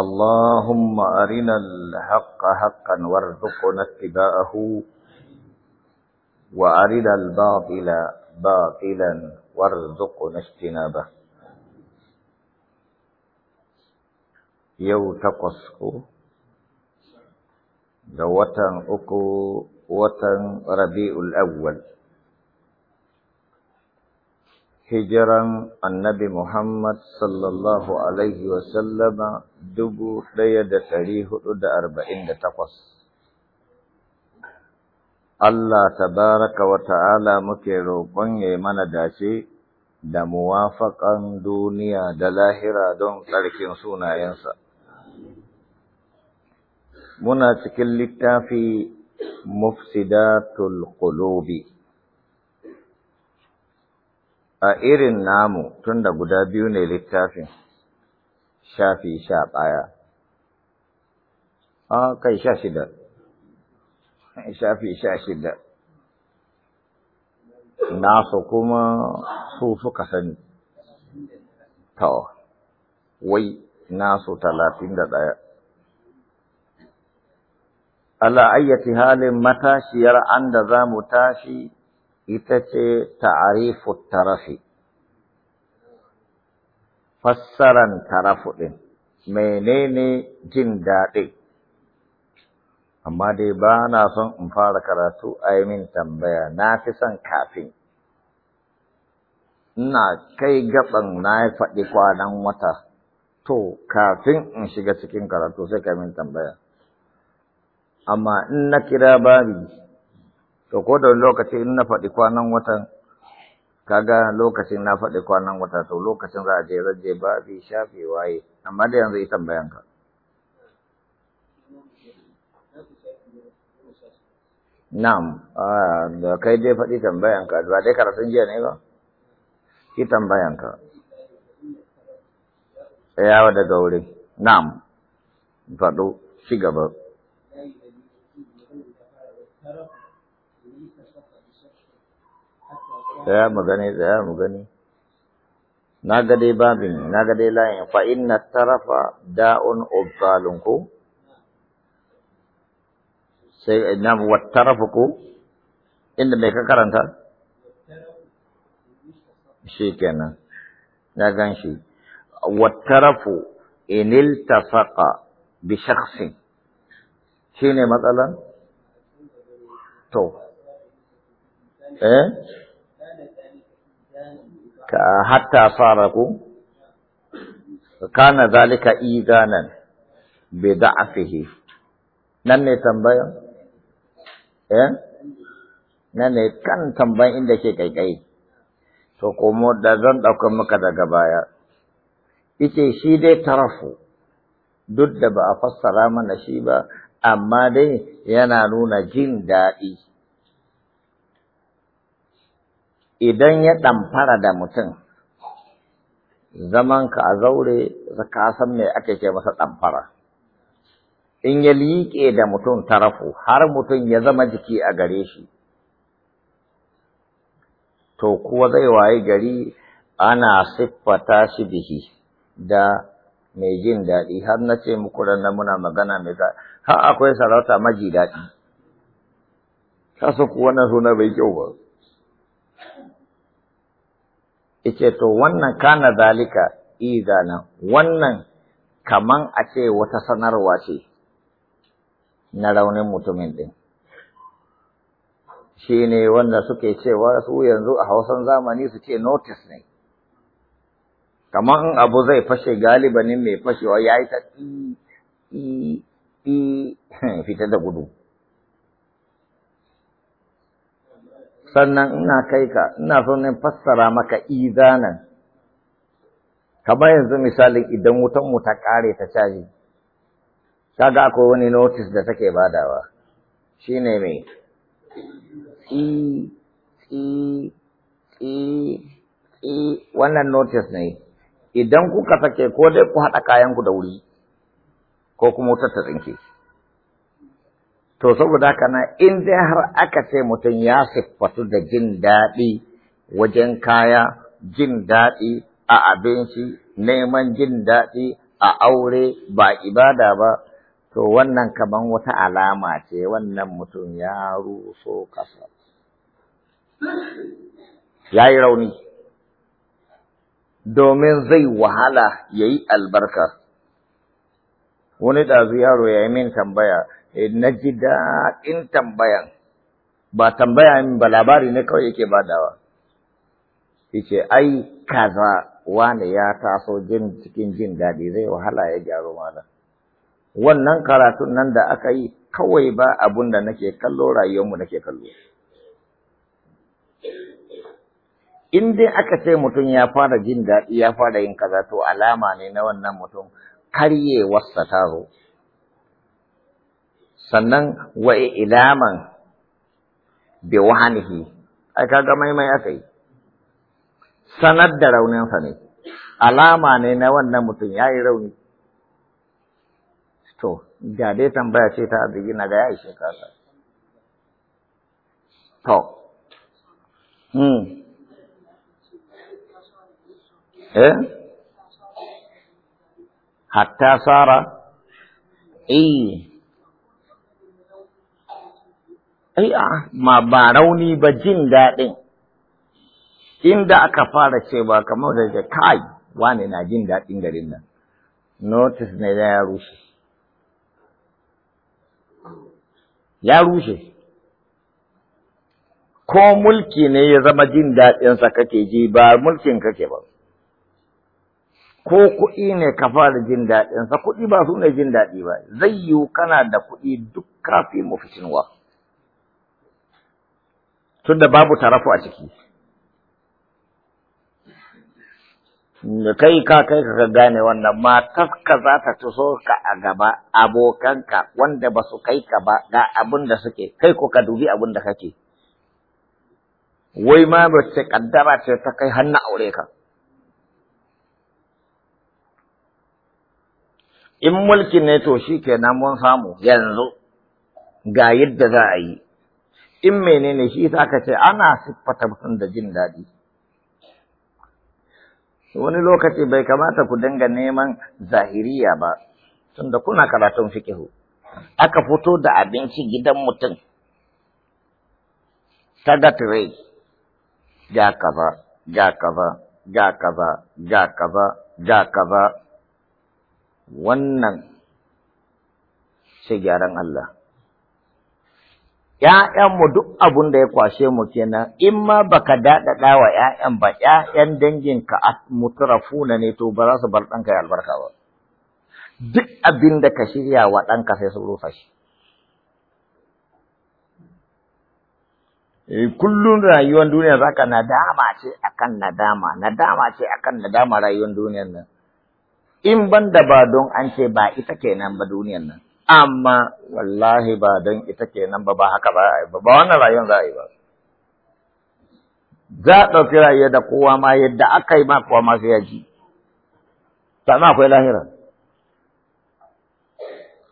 اللهم أرنا الحق حقا وارزقنا اتباعه وأرنا الباطل باطلا وارزقنا اجتنابه يو تقصه دوة أكو وتن ربيع الأول Hijran annabi Muhammad sallallahu Alaihi wasallama dubu ɗaya da ɗari hudu da arba'in da takwas. Allah tabaraka wa ta'ala muke roƙon ya yi mana dace da muwafaƙan duniya da lahira don tsarkin sunayensa. Muna cikin littafi mufsidatul qulubi a irin namu tunda guda biyu ne littafin shafi sha ɗaya a kai sha shida shafi sha shida nasu kuma su suka sani to wai nasu talatin da ɗaya ala ayyati halin matashiyar an da za mu tashi ita ce ta'arifut tarafi fassaran tarafu ɗin menene jin daɗi amma dai ba na son in fara karatu a yi min tambaya na fi son kafin ina kai gaban na yi faɗi kwanan wata to kafin in shiga cikin karatu sai ka min tambaya amma in na kira babi to ko da lokaci in na faɗi kwanan watan kaga lokacin na faɗi kwanan wata to lokacin za a je zaje ba fi shafe waye amma da yanzu ita tambayanka. Nam. da kai dai faɗi tambayan ka ba dai karatun jiya ne ba ki tambayan yawa daga wuri Nam. faɗo ci gaba tsaya mu gani tsaya mu gani na ga dai babin na ga dai layin fa inna tarafa da'un ubtalun ko sai na wa tarafu ko inda mai ka karanta shi kenan na gan shi wa tarafu inil iltafaqa bi shi shine matsalan to eh ka hatta faraku kana zalika idanan bi da'fihi nan ne tambaya eh nan ne kan tambayan inda ke kaikai to komo da zan dauka maka daga baya yace shi dai tarafu duk da ba a fassara mana shi ba amma dai yana nuna jin daɗi idan ya ɗamfara da mutum zamanka a zaure ka san me ake ce masa ɗamfara in ya liƙe da mutum tarafu har mutum ya zama jiki a gare shi to kuwa zai waye gari ana siffata shi bihi da mai jin daɗi har na ce muku na muna magana mai ka har akwai sarauta maji daɗi kasa kuwa na suna bai kyau ba Ice to wannan kana zalika izana wannan kaman a ce wata sanarwa ce na raunin mutumin ɗin. Shi ne wanda suke cewa su yanzu a hausan zamani su ce notice ne. Kaman in abu zai fashe galibanin mai fashewa ya yi ta fita da gudu. sannan ina kai ka ina so ne fassara maka izanan kamar yanzu misalin idan wutan mu ta kare ta caji kaga akwai wani notice da take badawa shine me tsi tsi tsi tsi wannan notice ne idan kuka sake ko dai ku haɗa ku da wuri ko kuma wutar ta tsinke To saboda haka na in dai har aka ce mutum ya siffatu da jin daɗi wajen kaya, jin daɗi a abinci, neman jin daɗi a aure ba ibada ba, to wannan kamar wata alama ce wannan mutum ya ruso kasa. Ya yi rauni, domin zai wahala ya yi albarka. Wani ɗazu yaro ya yi min tambaya. Eh, na ji daɗin tambayan ba tambaya min ba labari ne kawai yake badawa yace ai kaza wani ya taso jin cikin jin daɗi zai wahala ya gyaro mana. wannan karatun nan da aka yi kawai ba abun da nake kallo rayuwarmu nake kallo in dai aka ce mutum ya fara jin daɗi ya fara yin kaza to alama ne na wannan mutum karyewarsa ta zo sannan wa ilaman bi wahanihi ai kaga mai aka yi sanar da rauninsa ne alama ne na wannan mutum ya yi rauni to da dai tambaya ce ta arziki na ga ya ishe kasa to hmm eh hatta sara eh ai a ma ba rauni ba jin daɗin inda aka fara cewa kamar da da kai wane na jin daɗin garin nan notice ne ya rushe ya rushe ko mulki ne ya zama jin daɗinsa kake ji ba mulkin kake ba ko kuɗi ne ka fara jin daɗinsa kuɗi ba su ne jin daɗi ba zai yiwu kana da kuɗi duk kafin wa. tunda babu tarafu a ciki kai ka kai ka gane wannan matarka za ta tuso ka a gaba abokanka wanda ba su kai ka ba ga abin da suke kai ko ka dubi abin da kake wai ma ba ce kaddara ce ta kai hannu aure ka in mulki ne to shi ke mun samu yanzu ga yadda za a yi in menene shi ta aka ce ana siffata mutum da jin daɗi wani lokaci bai kamata ku dinga neman zahiriya ba tunda kuna karatun fikihu aka fito da abinci gidan mutum ta da tire ga kaza ga kaza ga kaza ga kaza ga kaza wannan sai gyaran Allah ‘ya'yanmu duk abun da ya kwashe mu kenan, in ma ba ka daɗaɗa wa ‘ya'yan ba, ‘ya'yan danginka a funa ne to ba za su bar ɗanka ya albarka ba. Duk abin da ka shirya wa ɗanka sai su rufa shi. Eh, kullum rayuwar duniya za ka nadama ce akan nadama, nadama ce akan nadama rayuwar duniyar nan. In ban da ba don an ce ba ita kenan ba duniyar nan. amma wallahi ba don ita kenan ba ba haka ba ba ba wannan rayuwar za a yi ba za a ɗauki rayuwa da kowa ma yadda aka yi ma kowa ma sai ya ji sannan akwai lahira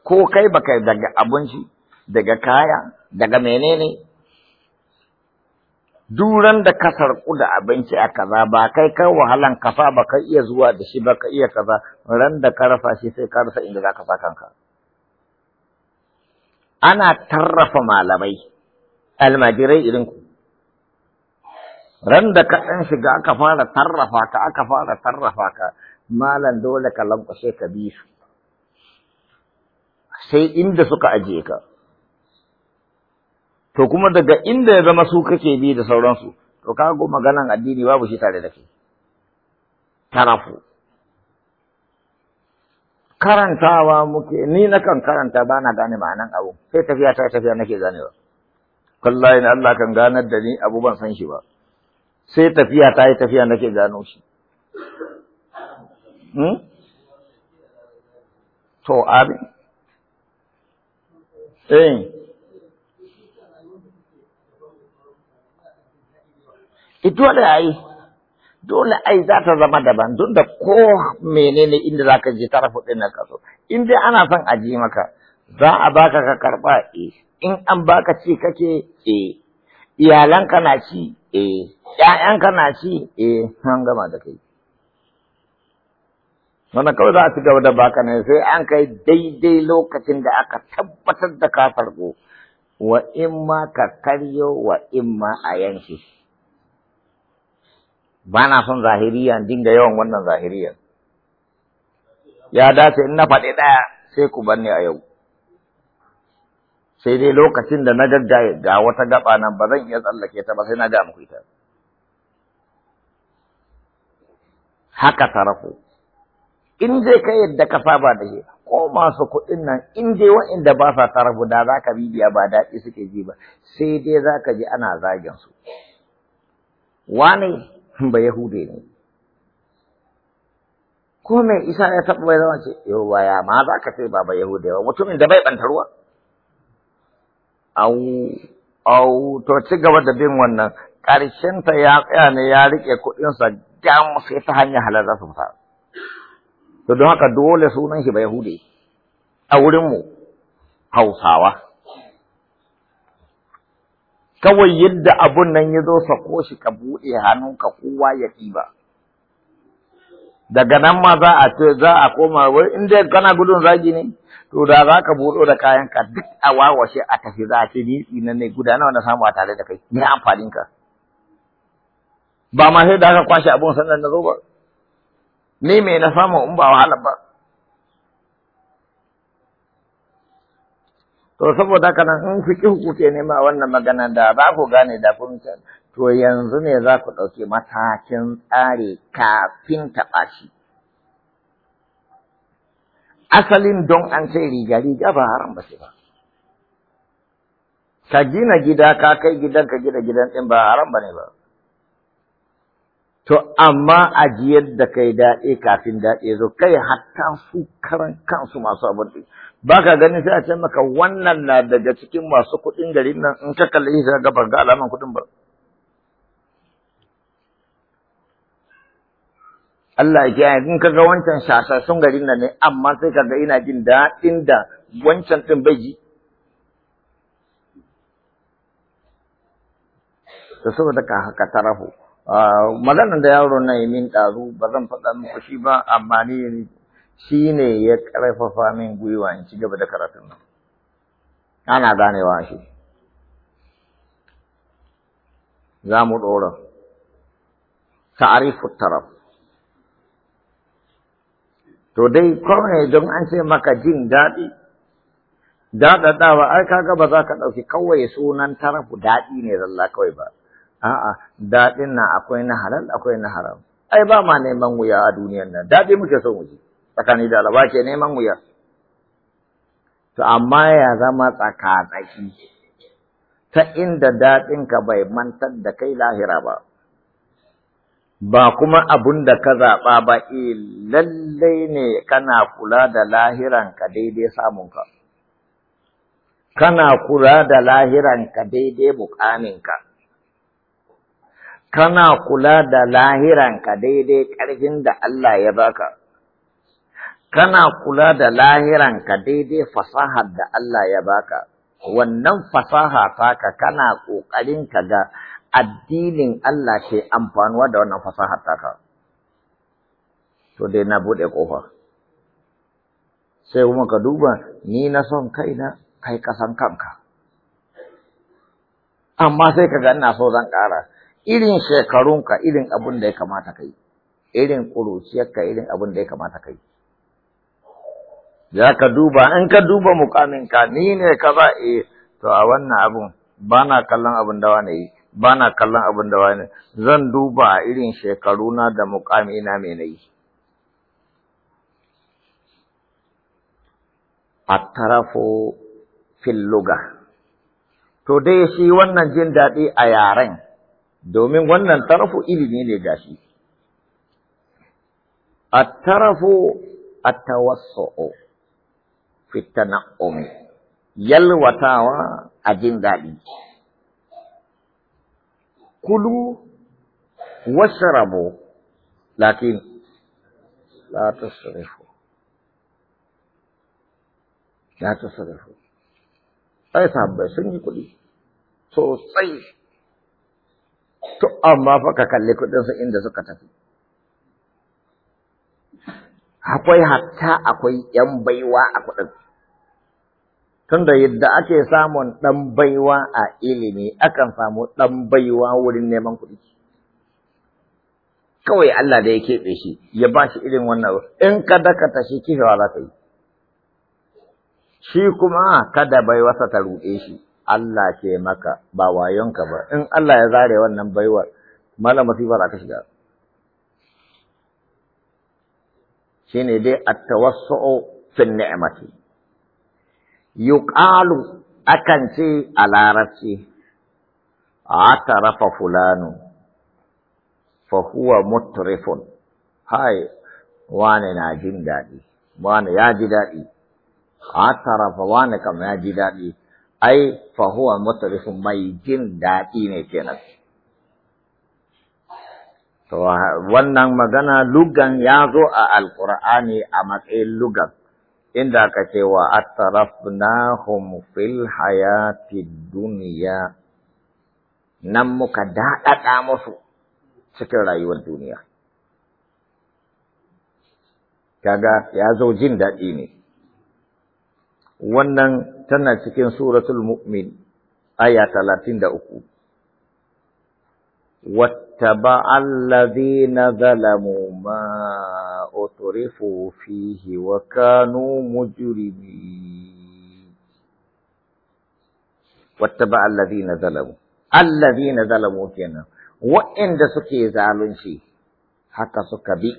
ko kai baka daga abinci daga kaya daga menene duran da ka sarku da abinci a kaza ba kai kai wahalan kafa ba kai iya zuwa da shi ba ka iya kaza ran da ka rasa shi sai ka rasa inda za ka sa kanka ana tarrafa malamai almajirai irin ku ran da ka ɗan shiga aka fara tarrafa ka aka fara tarrafa ka malam dole ka lankwashe ka bi su sai inda suka ajiye ka to kuma daga inda ya zama su kake bi da sauransu to kago maganan addini babu shi tare da kai tarafu karantawa muke ni na kan karanta ba na gane ma'anan abu sai tafiya ta tafiya nake ganewa wallahi ne Allah kan ganar da ni abu ban san shi ba sai tafiya ta yi tafiya nake gano shi hmm? to abin eh ito da ai dole ai za ta zama daban don da ko menene inda za ka je tarafu ɗin nan kaso in dai ana son a ji maka za a baka ka karɓa eh in an baka ci kake eh iyalanka na ci eh ƴaƴanka na ci eh an gama da kai wannan kawai za a ci gaba da baka ne sai an kai daidai lokacin da aka tabbatar da ka farko wa in ma ka karyo wa in ma a yanke ba na son zahiriya dinga yawan wannan zahiriya ya dace in na faɗi ɗaya sai ku ni a yau sai dai lokacin da na gaggaye ga wata gaba nan ba zan iya tsallake ta ba sai na ga muku ita haka tarafu in je ka yadda ka saba da shi ko masu kuɗin nan in dai wa'inda ba sa tarafu da za ka bibiya ba daɗi suke ji ba sai dai za ka ji ana zagin su wane ba Yahude ne. Ko mai isa ya taɓa bai zama ce, yau ya ma za ka ce ba ba Yahude ba, mutumin da bai ɓanta ruwa. Au, au, to ci gaba da bin wannan, ƙarshenta ya tsaya ne ya riƙe kuɗinsa jam sai ta hanyar halar za su fita. To don haka dole sunan shi ba Yahude a wurinmu Hausawa. kawai yadda abun nan ya zo sako shi ka buɗe ka kowa ya ɗiba daga nan ma za a ce za a koma wai in dai kana gudun zagi ne to da za ka buɗo da kayan ka duk a wawashe a tafi za a ce ni tsinan ne guda nawa na samu a tare da kai Ni amfanin ka ba ma sai da aka kwashe abun sannan na zo ba ni me na samu in ba wahala ba To saboda haka nan in fiki ne nema wannan magana da za ku gane da kun to yanzu ne za ku ɗauki matakin tsare kafin taɓa shi. Asalin don an ce riga riga ba haram ba ce ba. Ka gina gida ka kai gidan ka gina gidan ɗin ba haram ba ne ba. To, amma ajiyar da kai daɗe kafin daɗe zo, kai hatta su karan kansu masu abin ɗin. Ba ka ganin sai a ce maka wannan na daga cikin masu kuɗin garin nan in ka kalli shi ga ban ga alaman kuɗin ba. Allah ya kiyaye in ka ga wancan shasassun garin nan ne amma sai ka ga ina jin daɗin da wancan ɗin bai ji. Da saboda ka haka tarahu. Ah, maganar da yaro na yi min ɗazu ba zan faɗa muku shi ba amma ni shi ne ya ƙarfafa min gwiwa in ci gaba da karatun nan ana ganewa shi za mu ɗora ta'arifu taraf to dai kawai don an ce maka jin daɗi daɗaɗawa ai kaga ba za ka ɗauki kawai sunan tarafu daɗi ne zalla kawai ba a'a daɗin na akwai na halal akwai na haram ai ba ma neman wuya a duniyar nan daɗi muke so mu tsakani da alaba ke neman wuya to amma ya zama tsakatsaki ta inda ka bai mantar da kai lahira ba ba kuma abun da ka zaɓa ba e lallai ne kana kula da lahiran ka daidai samun ka? kana kula da lahiran ka daidai mukaminka kana kula da lahiranka daidai ƙarfin da Allah ya baka kana kula da lahiran ka daidai fasahar da Allah ya baka wannan fasaha taka kana ƙoƙarin ka ga addinin Allah ke amfanuwa da wannan fasahar taka to dai na buɗe kofa sai kuma ka duba ni na son kaina kai kasan kanka amma sai ka ga ina so zan ƙara irin shekarunka irin abin da ya kamata kai irin ƙuruciyarka irin abin da ya kamata kai za ka duba in ka duba mukaminka ni ne ka ba e to a wannan abun ba na kallon abin da wane yi ba na kallon abin da wane zan duba a irin shekaruna da mukamina mai na yi A tarafo filluga to dai shi wannan jin daɗi a yaren domin wannan tarafu ilimi ne gashi a tarafu a tawassuu na omi yalwatawa a jin daɗi kulu washrabu lakin la tusrifu la tusrifu sabbai sun yi kuɗi sosai To amma fa ka kalli kuɗinsu inda suka tafi. Akwai hatta akwai ‘yan baiwa a kuɗin. Tunda yadda ake samun ɗan baiwa a ilimi, akan samu ɗan baiwa wurin neman kuɗi. Kawai Allah da ya keɓe shi, ya ba shi irin wannan in ka dakata shi kifewa za ka yi. Shi kuma kada baiwarsa ta ruɗe shi. Allah ce maka ba wayonka ba in Allah ya zare wannan baiwar mala masifa za ka shiga shine dai at-tawassu'u fi ni'mati yuqalu akan ce a larabci atarafa fulanu fa huwa mutrifun hai wane na jin daɗi wane ya ji daɗi atarafa wane kam ya ji daɗi ai fahuwa mutarifu mai jin daɗi ne kenan to wannan magana lugan ya zo a alqur'ani a matsayin lugan inda aka ce wa na fil hayati dunya nan muka daɗaɗa musu cikin rayuwar duniya kaga ya zo jin daɗi ne wannan tana cikin suratul mu'min aya 33 wattaba alladhina zalamu ma utrifu fihi wa kanu mujrimi wattaba alladhina zalamu alladhina zalamu kenan wa'anda suke zalunci haka suka bi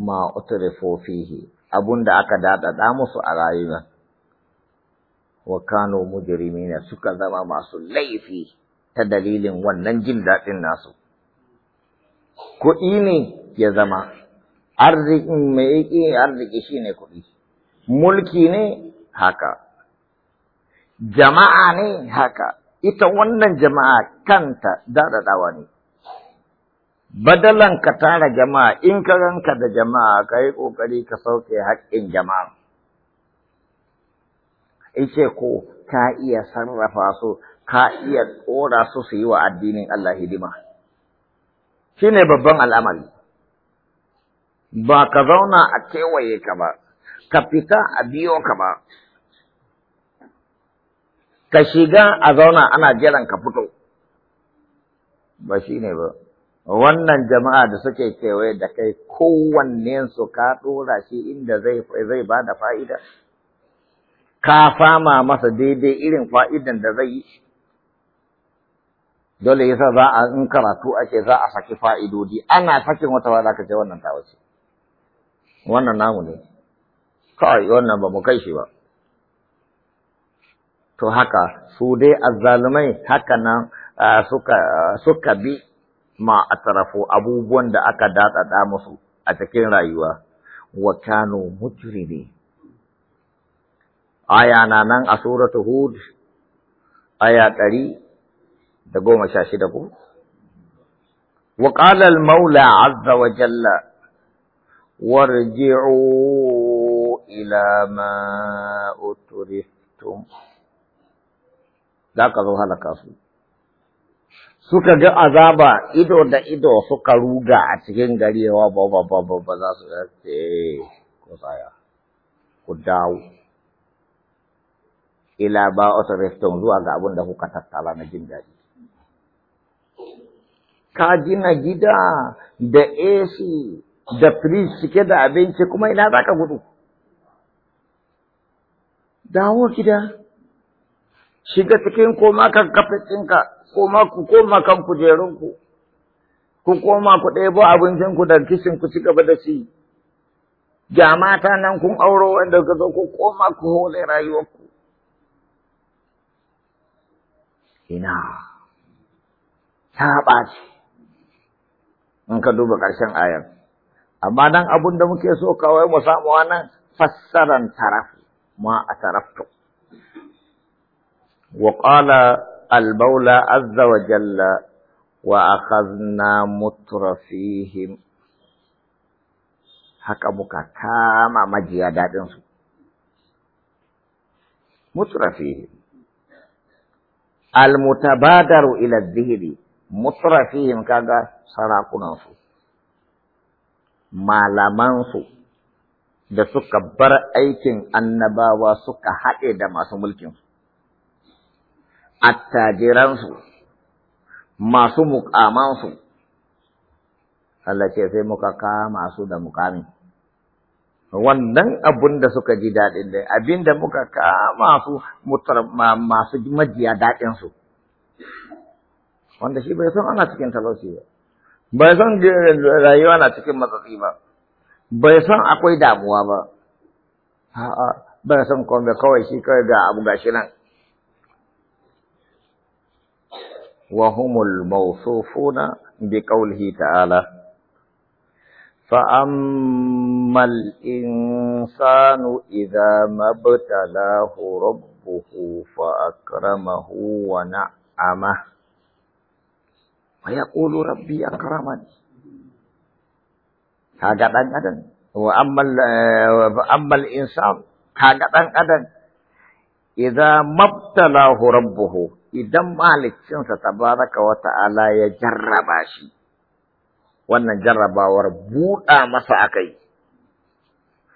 ma utrifu fihi abun da aka daɗaɗa musu a rayuwa. Wakano kano mujirimina suka zama masu laifi ta dalilin wannan jin daɗin nasu. Kuɗi ne ya zama, arziki mai yake arziki shi ne kuɗi, mulki ne haka, jama'a ne haka, ita wannan jama'a kanta daɗaɗawa ne. badalan ka tara jama'a in ka ranka da jama'a ka yi ƙoƙari ka sauke haƙƙin jama'a ice ko ka iya sarrafa su ka iya tsora su su yi wa addinin Allah hidima shine babban al'amari ba ka zauna a kewaye ka ba ka fita a biyo ka ba ka shiga a zauna ana jiran ka fito ba shine ba wannan jama'a da suke kewaye da kai kowanne su ka ɗora shi inda zai ba da fa'ida ka fama masa daidai irin fa'idan da zai yi dole yasa za a in karatu ake za a saki fa'idodi ana sakin wata ba ka ce wannan ta wace wannan namu ne kawai wannan ba mu kai shi ba to haka su dai azzalumai haka nan suka bi ma atrafu abubuwan da aka dadada musu a cikin rayuwa wa kanu mujrimi aya na nan a suratu hud aya ɗari da goma sha shida ko wa qala al maula azza wa jalla warji'u ila ma utriftum ka zo halaka su suka ga azaba ido da ido suka ruga a cikin gari wa ba ba ba ba ba za su ce ko tsaya ku dawo ila ba wata reston zuwa ga abin da kuka tattala na jin daɗi ka gina gida da AC da fridge cike da abinci kuma ina za ka gudu dawo gida shiga cikin koma kan kafacinka koma ku koma kan kujerunku ku koma ku ɗebo abincinku da kishin ku ci gaba da shi ga mata nan kun auro wanda ka zo ku koma ku hole rayuwarku ina ta ce in ka duba ƙarshen ayar amma nan abin da muke so kawai mu samu wannan fassaran taraf ma a taraftu وقال المولى عز وجل وأخذنا مترفيهم haka muka kama majiya daɗinsu. Mutrafihi Almutabadaru ila zihiri, mutrafihim kaga sarakunansu, malamansu da suka bar aikin annabawa suka haɗe da masu mulkinsu. attajiransu masu mukamansu Allah ce sai muka kama su da mukami wannan abun da suka ji daɗin dai, abin da muka kama su masu majiya daɗinsu wanda shi bai san ana cikin talauci ba bai san rayuwa na cikin matsatsi ba bai san akwai damuwa ba a'a bai san komai kawai shi kawai ga abu gashi nan وهم الموصوفون بقوله تعالى فأما الإنسان إذا ما ابتلاه ربه فأكرمه ونعمه ويقول ربي أكرمني هذا بن وأما الإنسان هذا بن إذا ما ابتلاه ربه idan ta tabaraka wa ta'ala ya jarraba shi wannan jarrabawar buɗa masa akai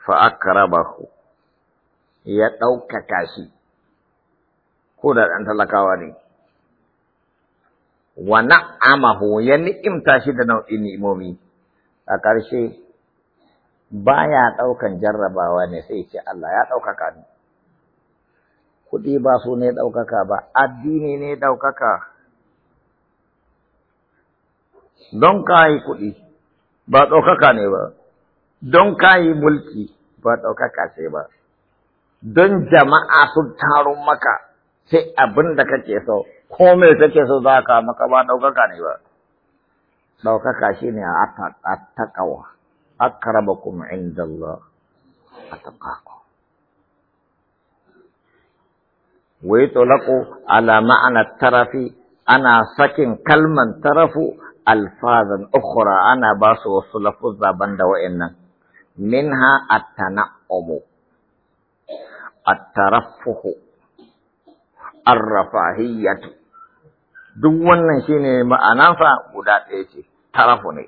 fa akrabahu ya ɗaukaka shi ko da ɗan talakawa ne wa na'amahu ya ni'imta shi da nau'in ni'imomi a ƙarshe Ba ya ɗaukan jarrabawa ne sai ce Allah ya ɗaukaka ni kuɗi ba su ne ɗaukaka ba, addini ne ɗaukaka. Don kayi kuɗi ba ɗaukaka ne ba, don kayi mulki ba ɗaukaka ce ba, don jama'a sun taru maka sai abin da kake so, ko me kake so za ka maka ba ɗaukaka ne ba. Ɗaukaka shi ne a taƙawa, akramakum inda Allah a taƙaƙo. wai tsolaƙo ala ma'anar tarafi ana sakin kalman tarafu alfazan ukhra ana ba su wasu lafuzza banda wa'annan minha at-tana'umu at-taraffuhu ar-rafahiyatu duk wannan shine ma'anansa guda ɗaya ce tarafu ne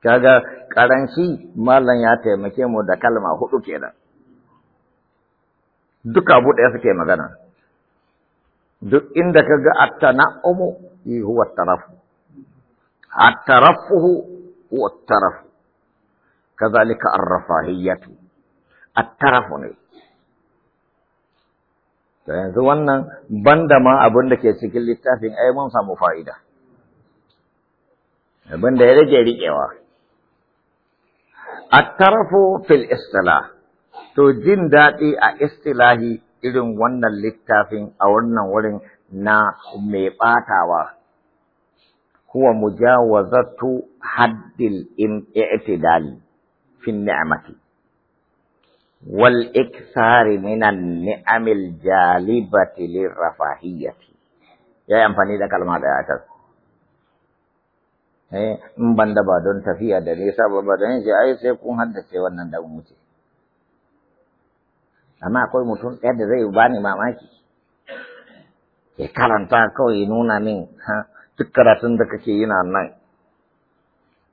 kaga karanci malam ya taimake mu da kalma hudu kenan duka abu ɗaya suke magana duk inda ka ga umu, yi huwa tarafu at-tarafuhu huwa tarafu kazalika ar-rafahiyatu ne to yanzu wannan banda ma abin da ke cikin littafin ai mun samu fa'ida abin da ya rage riƙewa at-tarafu fil istilah To jin daɗi a istilahi irin wannan littafin a wannan wurin na mai ɓatawa, huwa mujawazatu haddil i'tidali fin ni'amati. wal iksari minan ni'amil jalibati Ya yi amfani da kalma da ta eh in banda ba don tafiya da nisa ba ba don ai sai kun haddace wannan da mu ce amma akwai mutum ɗaya da zai bani mamaki ya karanta kawai nuna min ha duk karatun da kake yana nan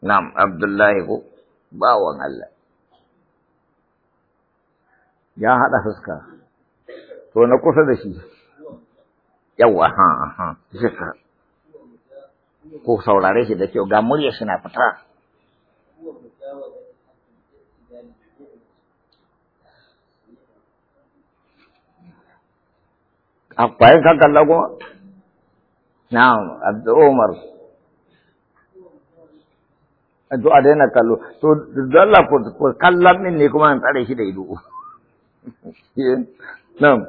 nam abdullahi ko bawan Allah ya haɗa fuska to na kusa da shi yawa ha ha ko saurare shi da kyau ga murya shi na fita akwai ah, ka kalla kuma na'am abdu umar to a daina kallo to dalla ko kallon min ne kuma an tsare shi da ido na'am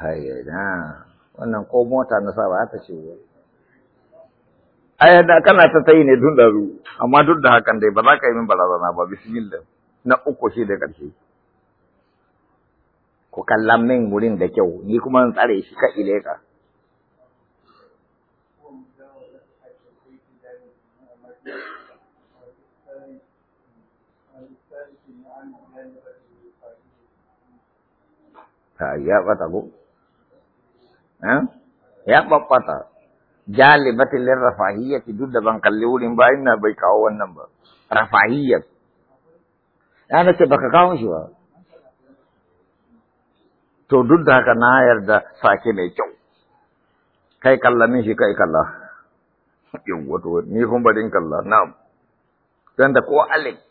hayya na wannan ko mota na sa ba ta ce Aya da kana ta tayi ne tun daru amma duk da hakan dai ba za ka yi min barazana ba bismillah na uku shi da karshe ku kalla min wurin da kyau ni kuma in tsare shi ka ileka ya bata ko eh? ya babbata jalibatin lin rafahiyyati duk da ban kalli wurin ba ina bai kawo wannan ba rafahiyyat ya nace baka kawo shi ba to duk da haka na yarda sake mai kyau kai kalla min shi kai kalla in wato ni kun barin kalla na'am dan da ko alif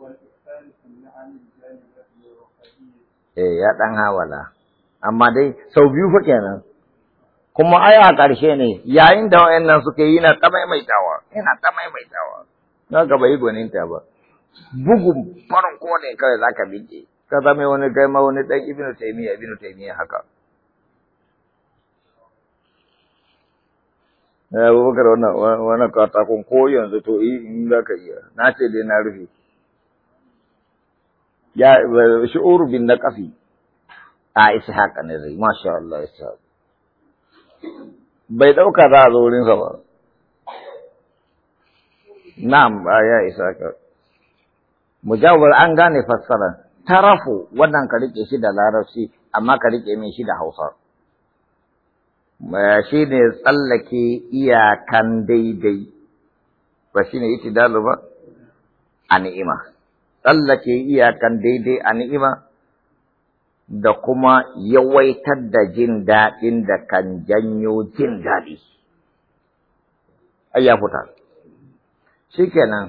والإحسان في النعم eh ya dan hawala amma dai sau biyu fa kenan kuma ai a karshe ne yayin da wayannan suke yi na ta maimaitawa yana ta maimaitawa na ka bai gwaninta ba bugun ko ne kai zaka bige ka zama wani ma wani dan ibnu taymiya ibnu taymiya haka eh, abubakar wannan wannan katakon ko yanzu to in za iya na ce dai na rufe ya na bin naqafi a ah, ishaq ne zai masha Allah bai dauka za a zo wurin sa ba na'am ah, ya ishaq mujawwar an gane fassara tarafu wannan ka rike shi da larabci amma ka riƙe min shi da Hausa eh, shi ne tsallake iyakan daidai ba shi ne itidalu ba a ni'ima tsallake iyakan daidai a ni'ima da kuma yawaitar da jin daɗin da kan janyo jin daɗi. Ai, ya fita. Shikenan,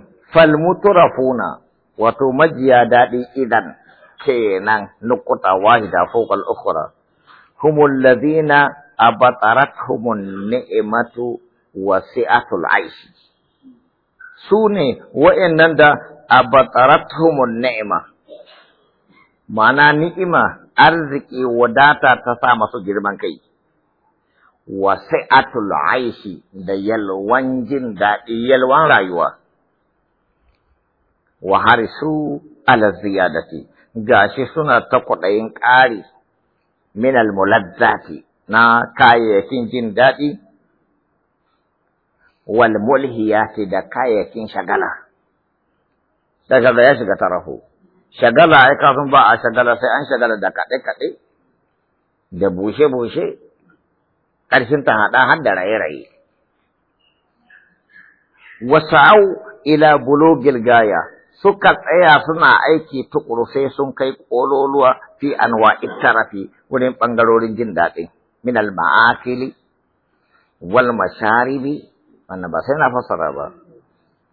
mutrafuna wato majiya daɗin idan kenan nukuta wahida fokal ukura. Humul ladina abatarathum ni'matu wasi'atul aishi. Su ne wa'annan da humun ni'ima mana ni'ima arziki wadata ta sa masu girman kai wasi'atul aishi da yalwan jin daɗi yalwan rayuwa wa harisu ala ziyadati gashi suna ta kwaɗayin ƙari min almulazzati na kayayyakin jin daɗi wal mulhiyati da kayayyakin shagala daga da ya shiga taraho shagala ai kafin ba a shagala sai an shagala da kaɗe kaɗe da bushe bushe ƙarshen ta haɗa har da raye raye wasa'au ila bulogil gaya suka tsaya suna aiki tukuru sai sun kai ƙololuwa fi anwa ittarafi wurin ɓangarorin jin daɗi min al ma'akili wal masharibi wannan ba sai na fassara ba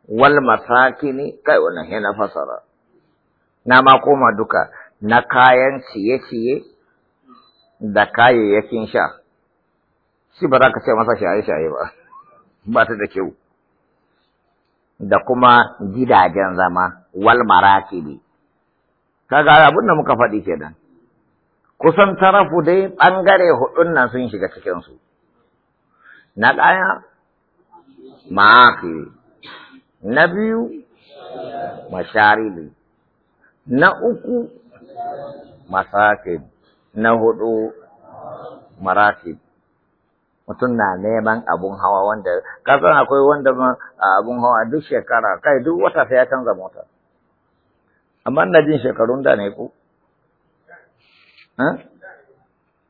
wal masakini kai wannan yana fasara na ma koma duka na kayan ciye-ciye da kayayyakin sha shi ba za ka ce masa shaye-shaye ba ba ta da kyau da kuma gidajen zama wal marakibi kaga abin da muka faɗi kenan kusan tarafu dai ɓangare hudun nan sun shiga cikinsu na ɗaya ma'akiri na biyu masharibi na uku masakib na hudu marasib. mutum na neman abun hawa wanda kasan akwai wanda ma abun hawa duk shekara kai duk wata sai ya canza mota amma na jin shekarun da ne ku?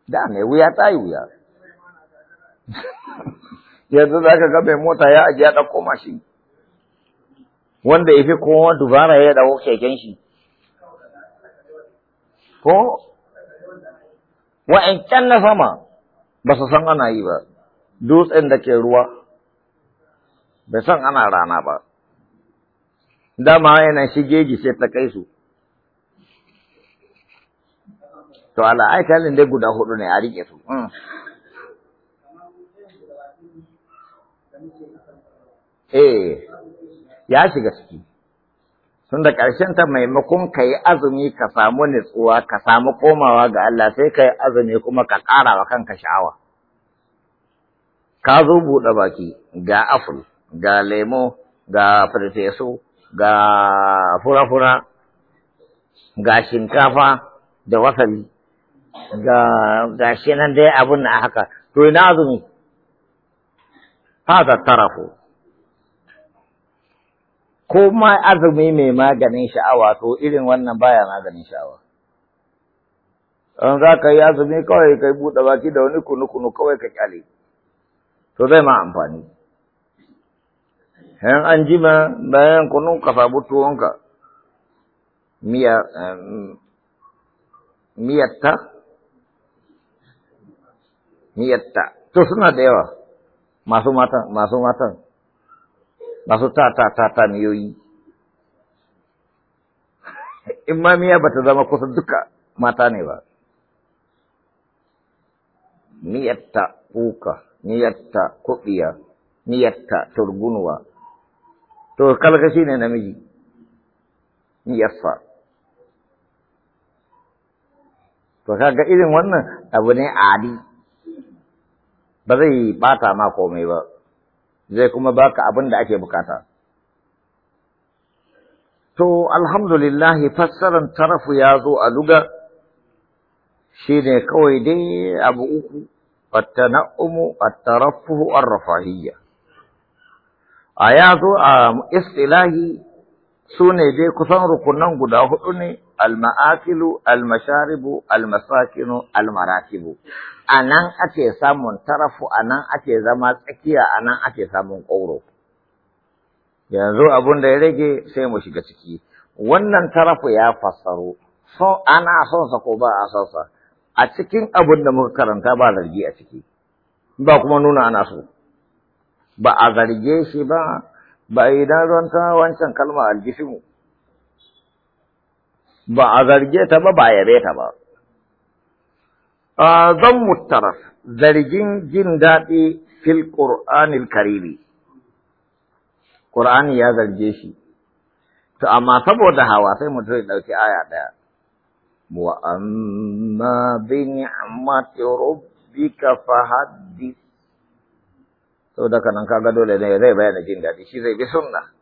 da ne wuya ta yi wuya yanzu za ka ga mai mota ya ajiya ɗauko mashin wanda ya fi kowa dubara ya dawo keken shi ko can na sama ba su san ana yi ba dutsen da ke ruwa bai san ana rana ba dama yana shige sai ta kai su to ala aikalin dai guda hudu ne a rike su mm. eh ya shiga ciki tun da ƙarshen ta maimakon ka yi azumi ka samu nutsuwa ka samu komawa ga Allah sai ka yi azumi kuma ka ƙara wa kanka sha'awa ka zo buɗe baki ga aful ga lemo ga farfesu ga fura-fura ga shinkafa da wasali ga gashi nan dai abun na haka to ina azumi fa ku. ko ma azumi mai maganin sha'awa to irin wannan baya maganin sha'awa an za ka yi azumi kawai kai buɗe baki da wani kunu-kunu kawai ka kyale to zai ma amfani yan an ma bayan kunun ka sabu tuwonka miya miyatta miyatta to suna da yawa masu matan masu matan masu ta ta ta ta miyoyi in ma miya bata zama kusa duka mata ne ba miyatta kuka miyatta kuɓiya miyatta turgunuwa to kalkashi ne namiji miyarsa to kaga irin wannan abu ne adi ba zai bata ma komai ba zai kuma baka abin da ake bukata. To, alhamdulillahi fassarar tarafu ya zo a luga shi ne kawai dai abu uku, tarafu an rafahiyya. A ya zo a istilahi su ne dai kusan rukunan guda hudu ne al-ma'akilu al-masharibu al-masakinu al-marakibu anan ake samun tarafu anan ake zama tsakiya anan ake samun ƙauro yanzu abun da ya rage sai mu shiga ciki wannan tarafu ya fassaro so ana son sa ko ba a son sa a cikin abun da muka karanta ba zargi a ciki ba kuma nuna ana so ba a zarge shi ba ba idan ruwan wancan kalma aljifimu ba a zarge ta ba ba yabe ta ba ah, zan mutara zargin jin daɗi fil ƙur'anil karibi ƙur'ani ya zarge shi to amma saboda hawa sai mutum ya ɗauki aya ɗaya wa amma bi ni'mati rabbika Sau saboda kanan kaga dole ne zai bayyana jin daɗi shi zai bi sunna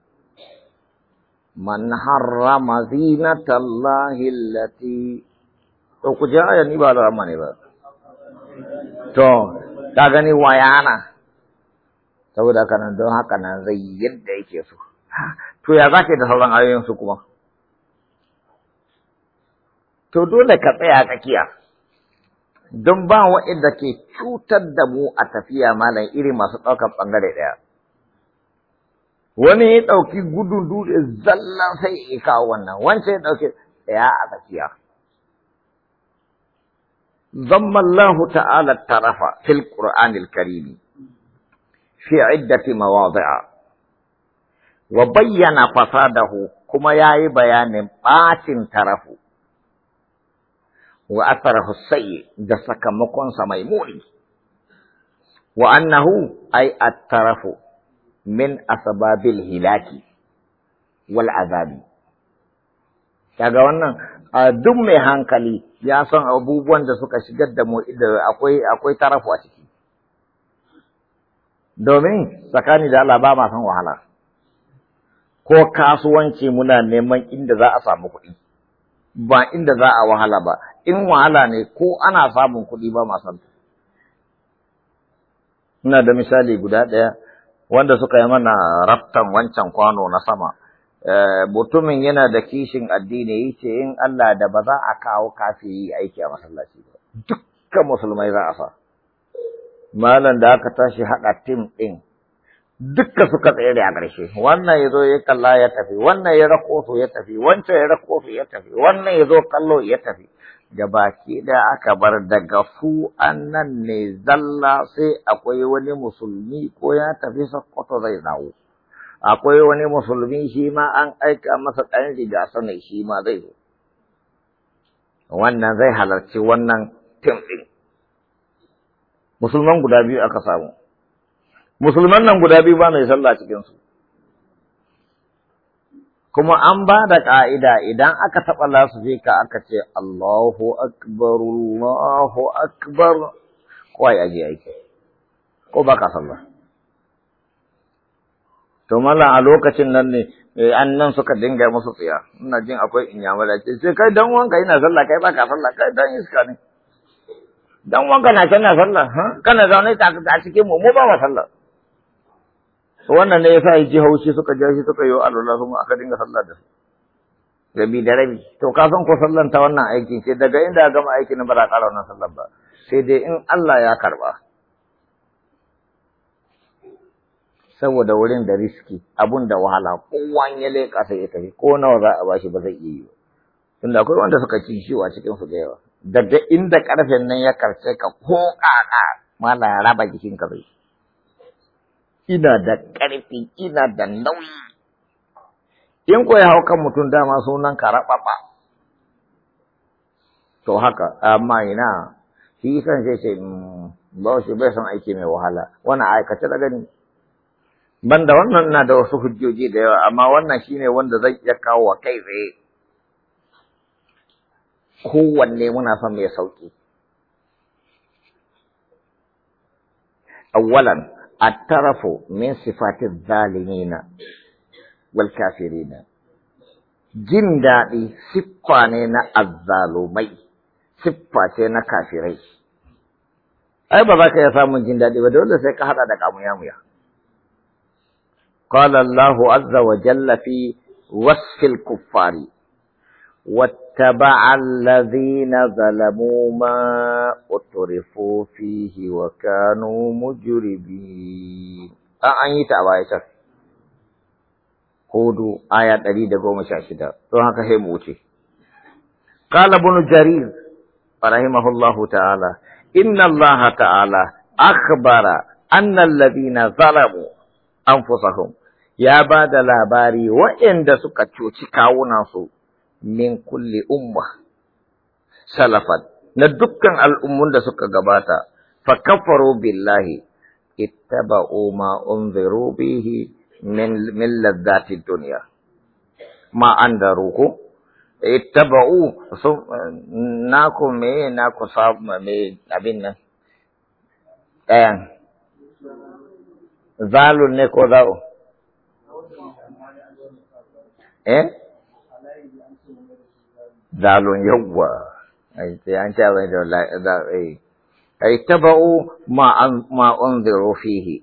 man harrama zinatallahi allati to ku ji ayan ni ba alama ne ba to ka gani wayana saboda kana don haka nan zai yadda yake so to ya zake da sauran ayoyin su kuma to dole ka tsaya tsakiya don ba wa'inda ke cutar da mu a tafiya malam iri masu ɗaukar ɓangare ɗaya wani ya dauki gudun dutse zallan sai ya kawo wannan wance ya ɗauki ya a tsakiya zamma Allah ta'ala tarafa fil Qur'anil Karim fi iddati mawadi'a wa bayyana fasadahu kuma yayi bayanin batin tarafu wa atharahu sayyi da sakamakon sa mai muni wa annahu ay at-tarafu min asbabil hilaki wal azabi kaga wannan duk mai hankali ya san abubuwan da suka shigar da mu akwai akwai tarafu a ciki domin tsakani da Allah ba ma san wahala ko kasuwanci muna neman inda za a samu kuɗi ba inda za a wahala ba in wahala ne ko ana samun kuɗi ba ma san ina da misali guda ɗaya wanda suka yi mana raftan wancan kwano na sama eh, mutumin yana da kishin addini ce yin Allah da ba za a kawo yi aiki a masallaci ba dukkan musulmai za a sa malam da aka tashi haɗa tim ɗin dukka suka tsere a ƙarshe wannan ya zo ya kalla ya tafi wannan ya rako su ya tafi wancan ya rako ya tafi wannan ya zo kallo ya tafi Da baki da aka bar daga fu nan ne zalla sai akwai wani musulmi ko ya tafi sakkwato zai dawo akwai wani musulmi shi ma an aika masa ɗan riga sana shi ma zai zo wannan zai halarci wannan tim ɗin musulman guda biyu aka samu musulman nan guda biyu ba mai sallah cikinsu kuma an ba da ƙa'ida idan aka taɓa lasufi ka aka ce Allahu akbar Allahu akbar kawai aje aiki? ko ba ka sallah to mala a lokacin nan ne eh, an nan suka dinga musu tsiya ina jin akwai inyamala ce sai kai dan wanka ina sallah kai ba ka sallah kai dan iska ne dan wanka na kana sallah kana zaune a cikin mu mu ba wa sallah wannan ne yasa yaji haushi suka ja shi suka yi alwala kuma aka dinga sallah da su rabi da rabi to ka san ko sallan ta wannan aikin ce daga inda gama aikin ba za ka ƙara wannan sallan ba sai dai in Allah ya karba saboda wurin da riski abun da wahala kowa ya leƙa sai ya tafi ko nawa za a bashi ba zai iya yi tunda akwai wanda suka ci shi wa cikin su da yawa daga inda karfen nan ya karce ka ko ƙaƙa mala raba jikin ka zai ina da ƙarfi ina da nauyi in ko ya hau kan mutum dama sunan ka raɓaɓa to haka amma ina shi kan sai ce mm, ba shi bai son aiki mai wahala wannan aikace da gani banda wannan na da wasu hujjoji da yawa amma wannan shine wanda zai iya kawo wa kai tsaye kowanne muna son mai sauki awwalan الترف من صفات الظالمين والكافرين jin daɗi siffa ne na azzalumai siffa ce na kafirai ai ba za ka iya samun jin daɗi ba dole sai ka haɗa da kamuya-muya qala Allahu azza wa jalla fi wasfil kuffari واتبع الذين ظلموا ما أترفوا فيه وكانوا مجرمين أعيت أبايتك هود آيات أريد قوم شاشدة تهك هموتي قال ابن جرير رحمه الله تعالى إن الله تعالى أخبر أن الذين ظلموا أنفسهم يا بعد الأباري وإن دسك تشوشي كاونانسو min kulli umma salafat na dukkan al'ummun da suka gabata fa kafaru billahi ittaba'u ma unziru bihi min min ladzati dunya ma andaruhu ittaba'u naku me naku sab me abin nan ɗayan zalun ne ko za'u eh dalun yawwa ai sai an ce zai da ai ai taba'u ma an ma unziru fihi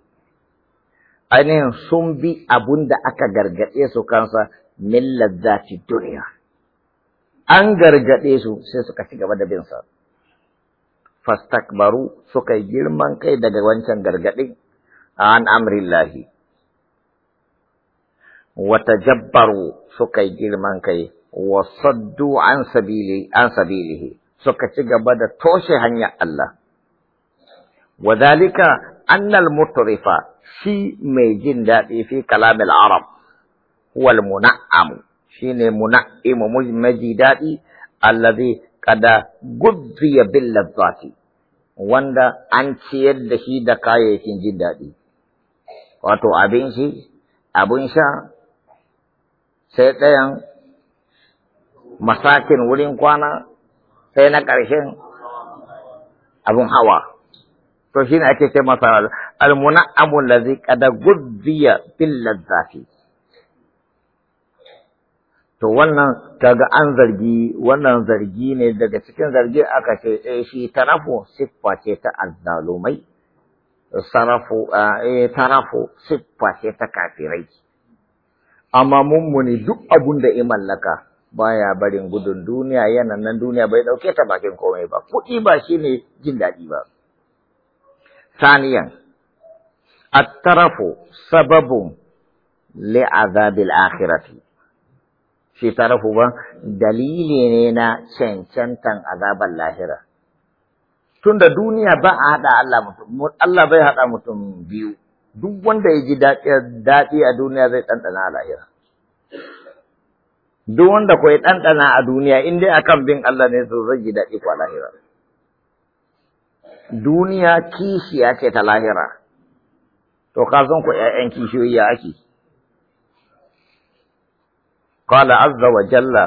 sun bi abunda aka gargaɗe su kansa min ladzati duniya an gargaɗe su sai suka ci gaba da bin sa fastakbaru suka girman kai daga wancan gargaɗin an amrillahi wata jabbaru suka girman kai وصدوا عن سبيله عن سبيله سكت جب توشه عن الله وذلك أن المطرف في مجن في كلام العرب هو المنعم شين منعم مجن الذي قد قضي باللذات واندا أنتي الدهي دقائي في جن دادي واتو أبين شي أبين شا masakin wurin kwana sai na ƙarshen abin hawa to shi ne ake ce masa da lazi kada gudziya bin lazzafi to wannan kaga an zargi wannan zargi ne daga cikin zargi aka ce eh shi tarafu siffa ce ta azzalumai sarafu ta eh, tarafu siffa ce ta kafirai amma mummuni duk abun da ya mallaka baya barin gudun duniya yana nan duniya bai dauke ta bakin komai ba kuɗi ba shine jin daɗi ba saniyan at-tarafu sababun li'azabil akhirati shi tarafu ba dalili ne na cancantan azabar lahira tunda duniya ba a haɗa Allah mutum Allah bai haɗa mutum biyu duk wanda ya ji daɗi a duniya zai ɗanɗana a lahira duk wanda ko ya ɗanɗana a duniya in dai akan bin Allah ne to zai ji daɗi kwa lahira duniya kishiya ce ta lahira to ka san ku ƴaƴan kishiyoyi ya ake qala azza wa jalla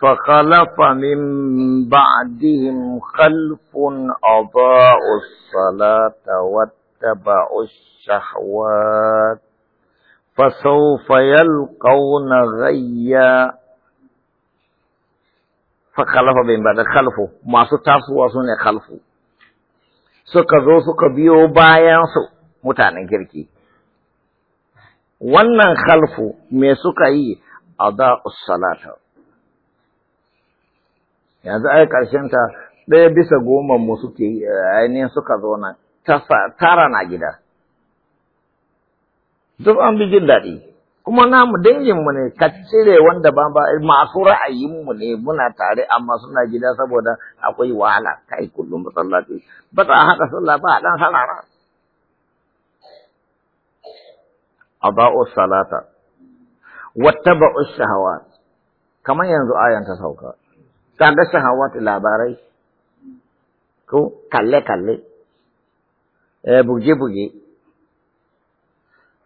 ba'dihim khalfun بعدهم salata wa taba'u shahwat fa sawfa yalqawna ghayya fa khalafa bin ba da khalfu masu tasuwa su ne khalfu suka zo suka biyo bayan su mutanen kirki wannan khalfu me suka yi ada'us salata yanzu ai karshen ta ɗaya bisa goma mu suke ainihin suka zo nan tara na gida duk an bi jin daɗi kuma namu danginmu ne ka cire wanda ba ba masu ra'ayinmu ne muna tare amma suna gida saboda akwai wahala kai kullum masallaci ba ta haka sallah ba dan salara. aba'u salata wattaba'u shahawat kamar yanzu ayan ta sauka kaga shahawat labarai ko kalle kalle eh buge buge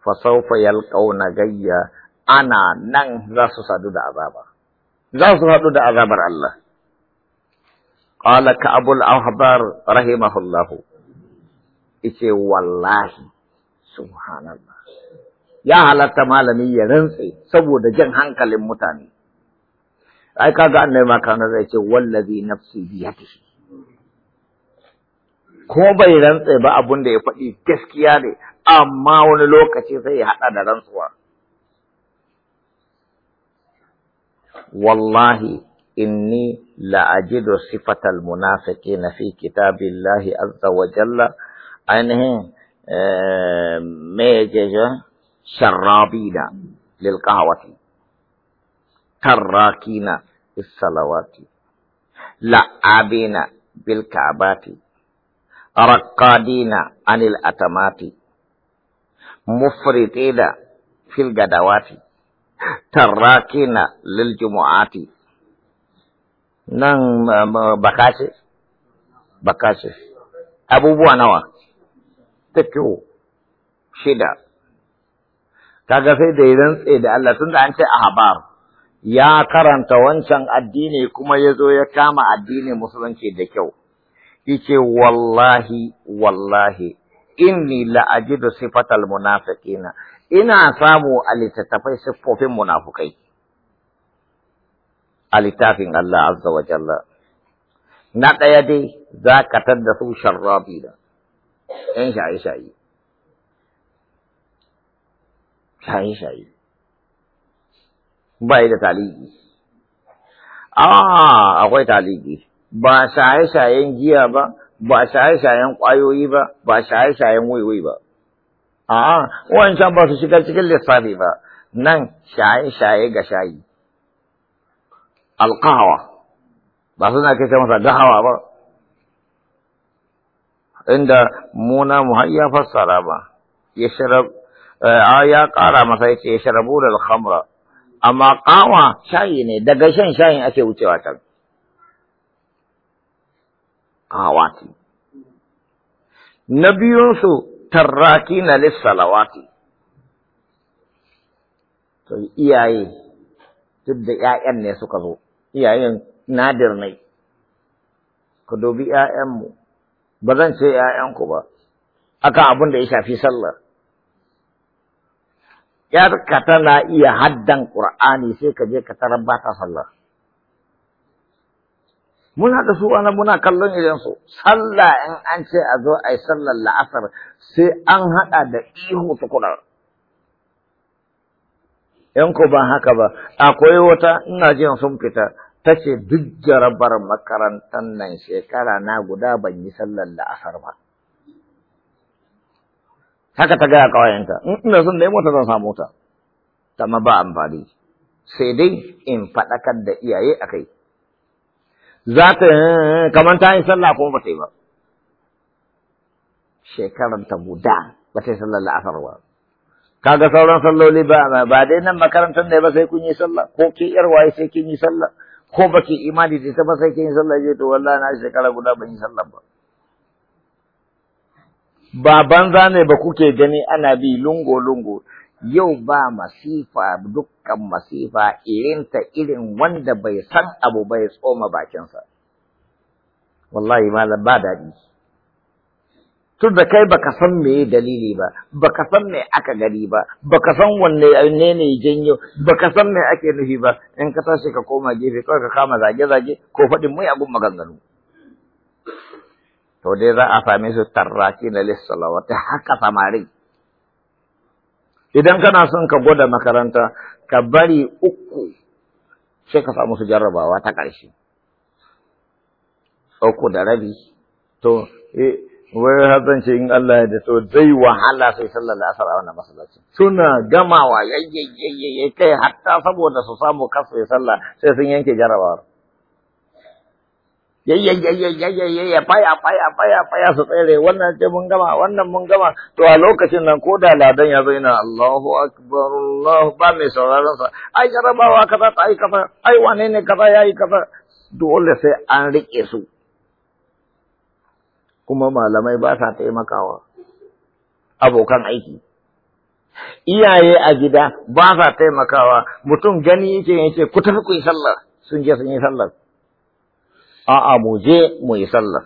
fasaufa yalqauna gayya ana nan za su sadu da azaba za su haɗu da azabar Allah qala ka abul ahbar rahimahullah ice wallahi subhanallah ya halatta malami ya rantse saboda jan hankalin mutane ai kaga annabi ma kana zai ce wallazi nafsi biyadihi ko bai rantse ba abunda ya faɗi gaskiya ne amma wani lokaci sai ya hada da rantsuwa. Wallahi, inni la la'ajidu sifatal munafiki na fi kitabillahi azza wa jalla ainihin me yake sharrabina lil qahwati tarrakina bis salawati la'abina bil ka'bati raqqadina anil atamati mufritina fil gadawati tarrakina lil jumu'ati nan bakashe bakashe abubuwa nawa tafiyo shida kaga sai da idan tsaye da Allah tunda an ce ahbar ya karanta wancan addini kuma ya zo ya kama addinin musulunci da kyau. yace wallahi, wallahi, inni la'ajidu sifatal munafiqina ina samu a littattafai siffofin munafukai a littafin Allah azza wa jalla na ɗaya dai za ka tadda su sharrabi da ‘yan shaye-shaye shaye-shaye ba da taligi a ah, akwai taligi ba shaye-shayen giya ba ba shaye-shayen ƙwayoyi ba, ba shaye-shayen waiwai ba. A'a, wancan ba su shiga cikin lissafi ba, nan shaye-shaye ga shayi. Alƙahawa, ba suna kai ta masa gahawa ba. Inda muna muhayya fassara ba, ya sharab, a ya ƙara masa ya ce ya sharabu da alhamra, amma ƙawa shayi ne, daga shan shayin ake wucewa can. awati na su tarraki na lissalawati to iyaye duk da ‘ya'yan ne suka zo iyayen nadir ne ku dubi mu, ba zan ce ‘ya'yanku ba akan abin da ya shafi sallah ‘yarka tana iya haddan ƙur'ani sai ka je ka tarar ba ta sallah muna da su ana muna kallon idan su sallah in an ce a zo a yi sallar la'asar sai an haɗa da ihu tukuna yan ku ba haka ba akwai wata ina jin sun fita ta ce duk jarabar makarantar nan shekara na guda ban yi sallar la'asar ba haka ta gaya kawayenta ina sun da mota zan samu ta ma ba amfani sai dai in faɗakar da iyaye a kai za ta eh, kamar ta yi sallah ko ba ta yi ba shekaran ta guda ba ta yi sallar la'asar ba kaga sauran salloli ba ba dai nan makarantar ne ba sai kun yi sallah ko ke yar waye sai kin yi sallah ko ba ke imani da ita ba sai kin yi sallah je to wallahi na shekara guda ban yi sallah ba ba banza ne ba kuke gani ana bi lungo lungo yau ba masifa dukkan masifa irinta irin wanda bai san abu bai tsoma bakinsa. Wallahi malam ba daɗi. Tun da kai baka san me dalili ba, baka san me aka gari ba, baka san wanne ne ne janyo, baka san me ake nufi ba, in ka tashi ka koma gefe kawai ka kama zage-zage ko faɗin mai abun maganganu. To dai za a same su tarraki na lissalawata haka samari. idan kana son ka gwada makaranta ka bari uku sai ka samu su jarrabawa ta ƙarshe uku da rabi to eh, wai hazan ce in Allah ya da to zai wahala sai sallar da asar a wannan masallaci suna gamawa yayyayyayyay kai hatta saboda su samu sallah sai sun yanke jarrabawar yayyayyayyayyayya faya faya faya faya su tsere wannan ce mun gama wannan mun gama to a lokacin nan ko da ladan ya zaina Allahu akbar Allahu ba mai sauraron sa ai jarabawa kaza ta ai kaza ai wane ne kaza yayi kaza dole sai an rike su kuma malamai ba sa taimakawa abokan aiki iyaye a gida ba sa taimakawa mutum gani yake yake ku tafi ku sallah sun je sun yi sallah a'a mu je mu yi sallah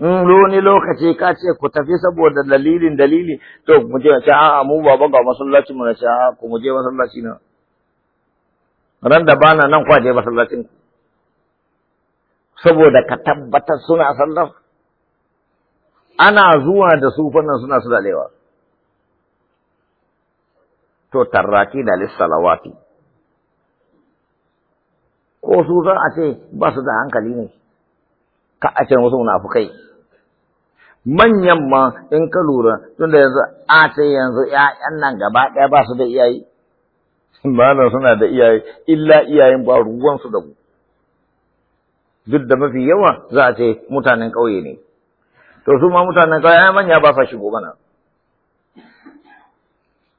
in wani lokaci ka ce ku tafi saboda dalilin dalili to mu je ce a'a mu ba ga masallaci mu na ce a'a ku mu je masallaci na ran da bana nan kwaje masallacin saboda ka tabbatar suna sallar ana zuwa da su fannin suna sulalewa to tarraki da lissalawati ko su za a ce ba su da hankali ne ka a ce wasu munafukai manyan ma in ka lura tunda yanzu a ce yanzu ƴaƴan nan gaba ɗaya ba su da iyaye ba suna da iyaye illa iyayen ba ruwansu da mu duk da mafi yawa za a ce mutanen ƙauye ne to su ma mutanen ƙauye ai manya ba sa shigo mana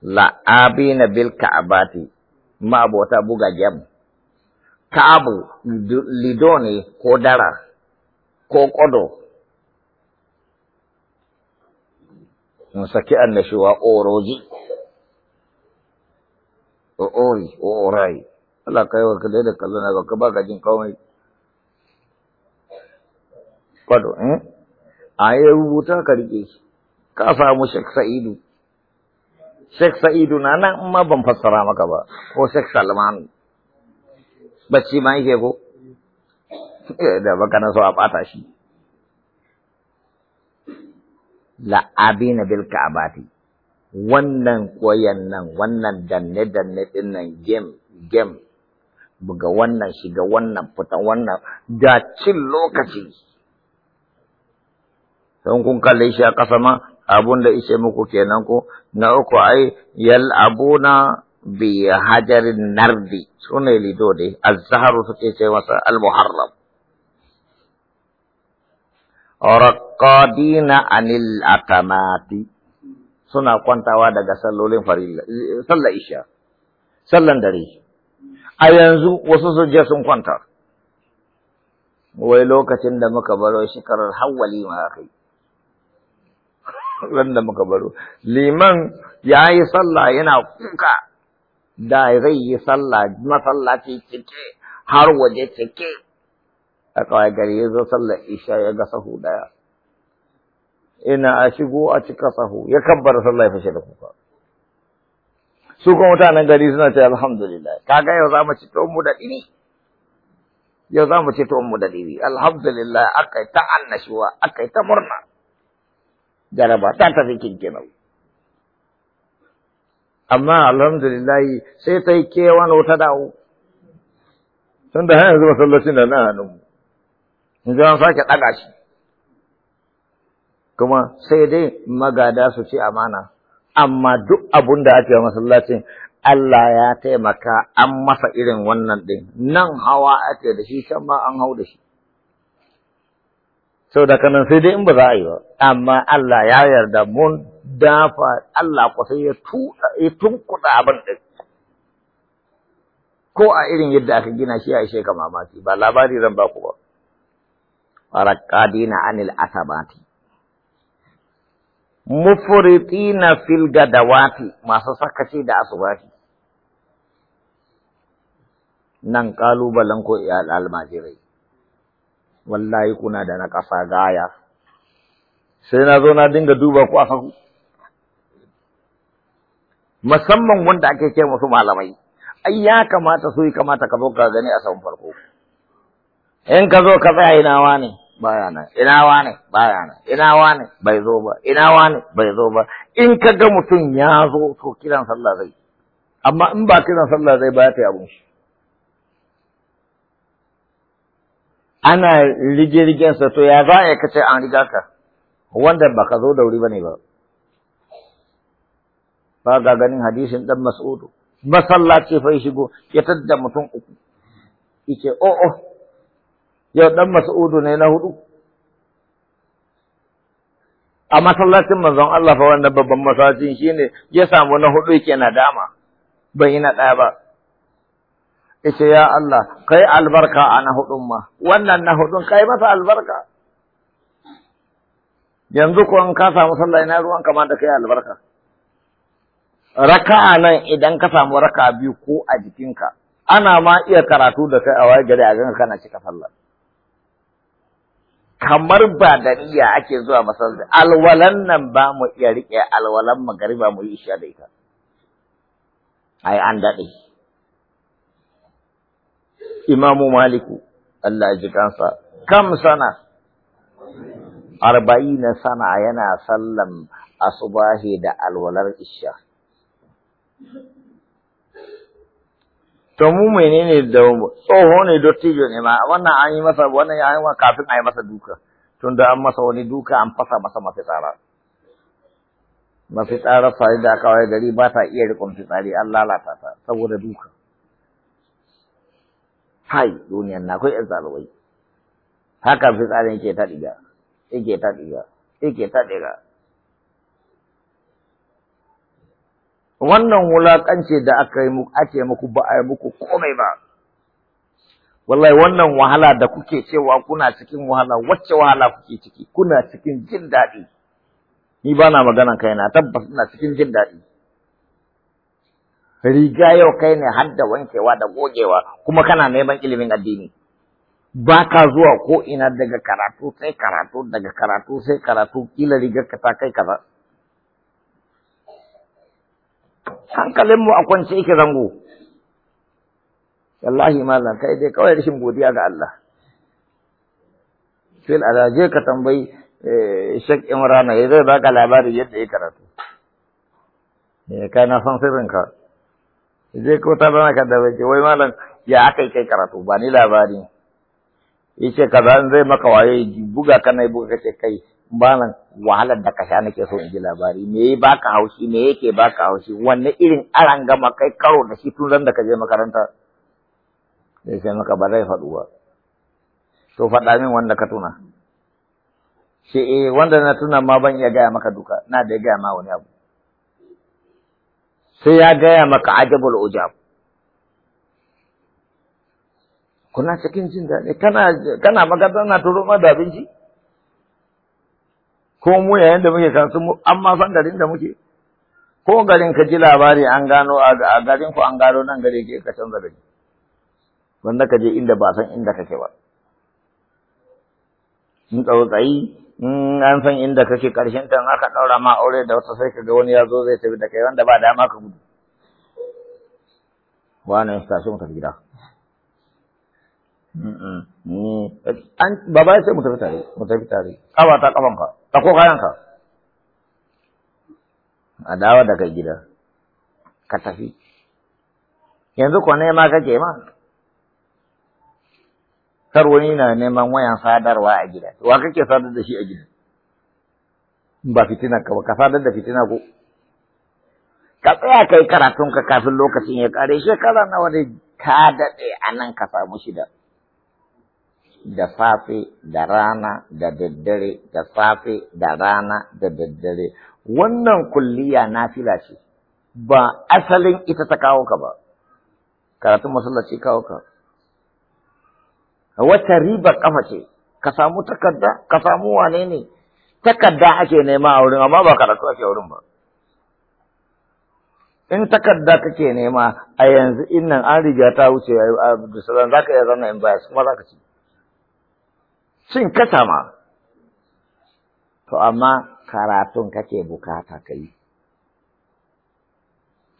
la'abina bil ka'abati ma abota buga jam abu lido ne ko dara ko ƙodo saki annashuwa oroji ori orai Allah kai wa kada da kallo na baka baka jin kawai. kwado eh ayi rubuta ka rike shi ka samu Sheikh Sa'idu Sheikh Sa'idu na nan ma ban fassara maka ba ko Sheikh Salman bacci ma yake ko da baka na so a bata shi la'abina bil ka'abati wannan koyan nan wannan danne danne din nan game game buga wannan shiga wannan fita wannan da cin lokaci don kun kalle shi a ƙasa ma abun da ishe muku kenan ko na uku ai abuna. bi hajarin nardi sunai lido dai azharu suke ce masa al-muharram raqadina anil atamati suna kwantawa daga sallolin farilla sallar isha sallan dare a yanzu wasu su je sun kwanta wai lokacin da muka baro shekarar hawali ma kai ran da muka baro liman yayi sallah yana kuka da zai yi sallah masallaci cike har waje cike a kawai gari ya zo sallar isha ya ga sahu daya ina a shigo a cika sahu ya kabbar sallah ya fashe da kuka su kuma mutanen gari suna ce alhamdulillah kaga yau za mu ci tuwon mu da dini yau za mu ci tuwon mu da dini alhamdulillah akai ta annashuwa akai ta murna jaraba ta tafi kinkinau amma alhamdulillah sai ta yi kewan wata dawo tun da hanyar zuwa sallacin da na mu in ji an sake ɗaga shi kuma sai dai magada su ce amana amma duk abun da ake masallacin Allah ya taimaka an masa irin wannan ɗin nan hawa ake da shi can ba an hau da shi sau da kanan sai dai in ba za a yi ba amma Allah ya yarda mun dafa Allah kwasai ya tunkuta abin ɗin. Ko a irin yadda aka gina shi a sheka mamaki ba labari zan ba ku ba. Raƙadina anil asabati. Mufuritina fil gadawati masu sakaci da asubati. Nan ƙalubalen ko iyal almajirai. Wallahi kuna da na ƙasa gaya. sai na zo na dinga duba ku a faku musamman wanda ake ce musu malamai ai ya kamata su yi kamata ka zo ka gani a saman farko in ka zo ka tsaya ina wane baya nan ina wane baya nan ina wane bai zo ba ina wane bai zo ba in ka ga mutum ya zo to kiran sallah zai amma in ba kiran sallah zai ba ta ta abun shi ana rige-rigensa to ya za a kace an riga ka wanda ka zo da wuri bane ba. ba ga ganin hadisin dan mas'udu masallaci fa shigo ya tadda mutum uku yake o oh, o oh, yau dan mas'udu ne na hudu a masallacin manzon Allah fa wannan babban masallacin shine ya samu na hudu yake na dama bai ina daya ba yace ya Allah kai albarka a na hudun ma wannan na hudun kai masa albarka yanzu ko in ka samu sallah ina ruwan kama da kai albarka raka'a nan idan ka samu raka'a biyu ko a jikinka ana ma iya karatu da kai a waye gari a ganka kana cika sallar kamar ba da niyya ake zuwa masallaci alwalan nan ba mu iya rike alwalan magariba mu yi isha da ita ai an dade imamu maliku Allah ya ji kansa kam sana arba'ina sana yana sallan asubahi da alwalar isha To mu menene da tsoho ne dottijo ne ma wannan an yi masa wannan ya yi kafin a yi masa duka tun da an masa wani duka an fasa masa mafitsara. Mafitsara fari da aka waye gari ba ta iya rikon fitsari an lalata ta saboda duka. Hai duniyan na koi ƴan zalumai. Haka fitsarin ke ta diga yake ta diga yake ta diga wannan wulaƙance da aka yi muku ake muku ba a yi muku komai ba wallahi wannan wahala da kuke cewa kuna cikin wahala wacce wahala kuke ciki kuna cikin jin daɗi ni ba na magana kaina tabbas ina cikin jin daɗi riga yau kai ne har da wankewa da gogewa kuma kana neman ilimin addini ba ka zuwa ko ina daga karatu sai karatu daga karatu sai karatu kila rigar ka ta kai kaza hankalinmu a kwance yake zango wallahi malam kai dai kawai rashin godiya ga Allah fil alaje ka tambayi eh, shek Imran ya zai baka labari yadda ya karatu Me eh, kai na san ka? zai ko ta bana ka da wai malam ya aka kai karatu ba ni labari yace kaza zai maka waye buga ka nai buga kace kai malam wahalar da ka sha nake so in ji labari me ya baka haushi me yake baka haushi wanne irin aran gama kai karo da shi tun ran da ka je makaranta zai sai maka ba zai faɗu ba to faɗa min wanda ka tuna shi eh wanda na tuna ma ban iya gaya maka duka na da gaya ma wani abu sai ya gaya maka ajabul ujab kuna cikin jin daɗi kana kana magana na turo ma da abinci ko mu yayin da muke kan mu amma san garin da muke ko garin ka ji labari an gano a garin ku an gano nan gare ke ka canza gari wanda ka je inda ba san inda kake ba in tsautsayi in an san inda kake karshen ta aka daura ma aure da wata sai kaga wani ya zo zai tafi da kai wanda ba dama ka gudu wani station ka gida an baba ya ce mu tafi tare mu tafi tare kawa ta kafan ka ɗauko kayanka a dawo daga gida ka tafi yanzu ko nema kake ma kar wani na neman wayan sadarwa a gida wa kake sadar da shi a gida ba fitina ka ba ka sadar da fitina ko ka tsaya kai karatun ka kafin lokacin ya kare shekara nawa ne ka daɗe a nan ka samu shida da safe da rana da daddare da safe da rana da daddare wannan kulliya na fila ce ba asalin ita ta kawo ka ba karatun masallaci kawo ka wata riba kafa ce ka samu takarda ka samu wane ne takarda ake nema a wurin amma ba karatu ake wurin ba in takarda kake nema a yanzu innan an riga ta wuce a da za ka iya zama in bias kuma ka ci cin kasa ma to amma karatun kake bukata ka yi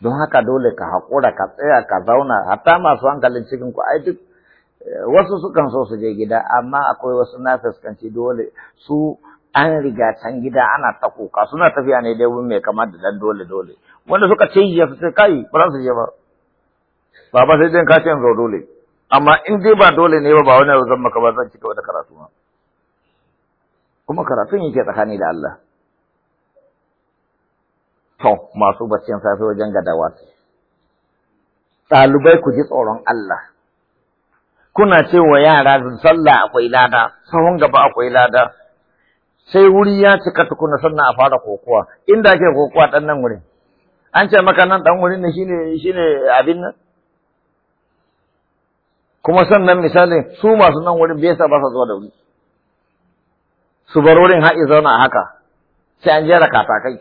don haka dole ka haƙura ka tsaya ka zauna hatta masu hankalin cikin ku ai duk eh, wasu sukan so su je gida amma akwai wasu na fuskanci dole su an riga can gida ana ta kuka suna tafiya ne dai mai kama da dan dole dole wanda suka ce ya su kai ba za su je ba baba sai dai ka ce zo dole amma in dai ba dole ne ba ba wani zan maka ba zan cika da karatu ma kuma karatun yake tsakani da Allah to masu baccin safe wajen gadawa ɗalibai ku ji tsoron Allah kuna ce wa yara sallah akwai lada sahun gaba akwai lada sai wuri ya cika tukuna sannan a fara kokowa inda ake kokowa ɗan nan wurin an ce maka nan ɗan wurin ne shi shine abin nan kuma sannan misali su masu nan wurin bai sa ba sa zuwa da wuri su bar wurin haɗi zauna a haka sai an jera katakai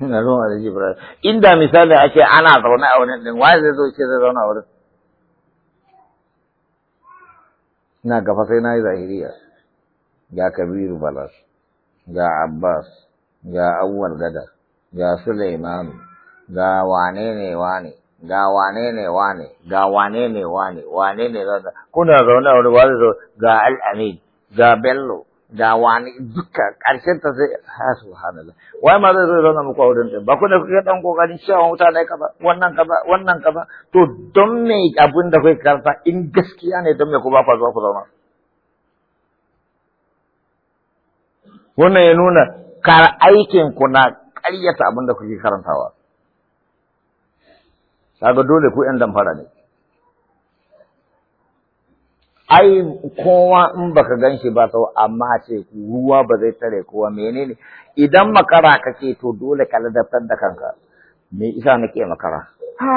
ina ruwan da jibril inda misali ake ana zaune a wurin ɗin, waye zai zo ce zai zauna a wurin ina gafa sai na yi zahiriya ga kabiru balas ga abbas ga awwal Gada, ga suleiman ga wane ne wane ga wane ne wane ga wane ne wane wane ne zaune kuna zaune a wani wani zo ga al'amin ga bello ga wani duka ƙarshen ta zai ha subhanallah wai ma zai zo na muku wurin ba ku da kuke dan kokarin cewa mutane ba wannan ba wannan ba to don me abin da kuke karanta in gaskiya ne don me ku ba ku zuwa ku zauna wannan ya nuna kar aikin ku na ƙaryata abin da kuke karantawa kaga dole ku yan damfara ne ai kowa in baka gan shi ba sau amma ce ruwa ba zai tare kowa menene idan makara kake to dole ka ladabtar da kanka me isa nake makara ha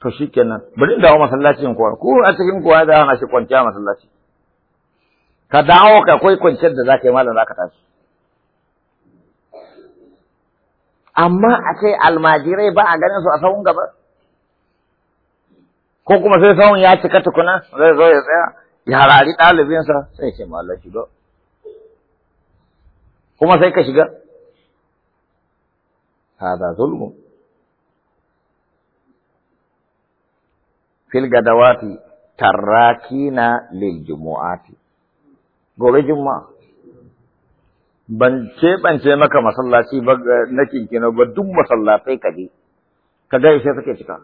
to shikenan bari dawo masallacin kowa ko a cikin kowa da ana shi kwanciya masallaci ka dawo ka koi kwanciyar da zaka yi malam zaka tashi amma a ce almajirai ba a ganin su a sahun gaba ko kuma sai sahun ya cika tukuna zai zo ya tsaya ya harari ɗalibinsa sai ce ma Allah kuma sai ka shiga hada zulmu fil gadawati tarrakina lil jumu'ati gobe juma ban keɓance maka masallaci ba eh, na kinkina ba duk masallatai ka je ka sai suke cika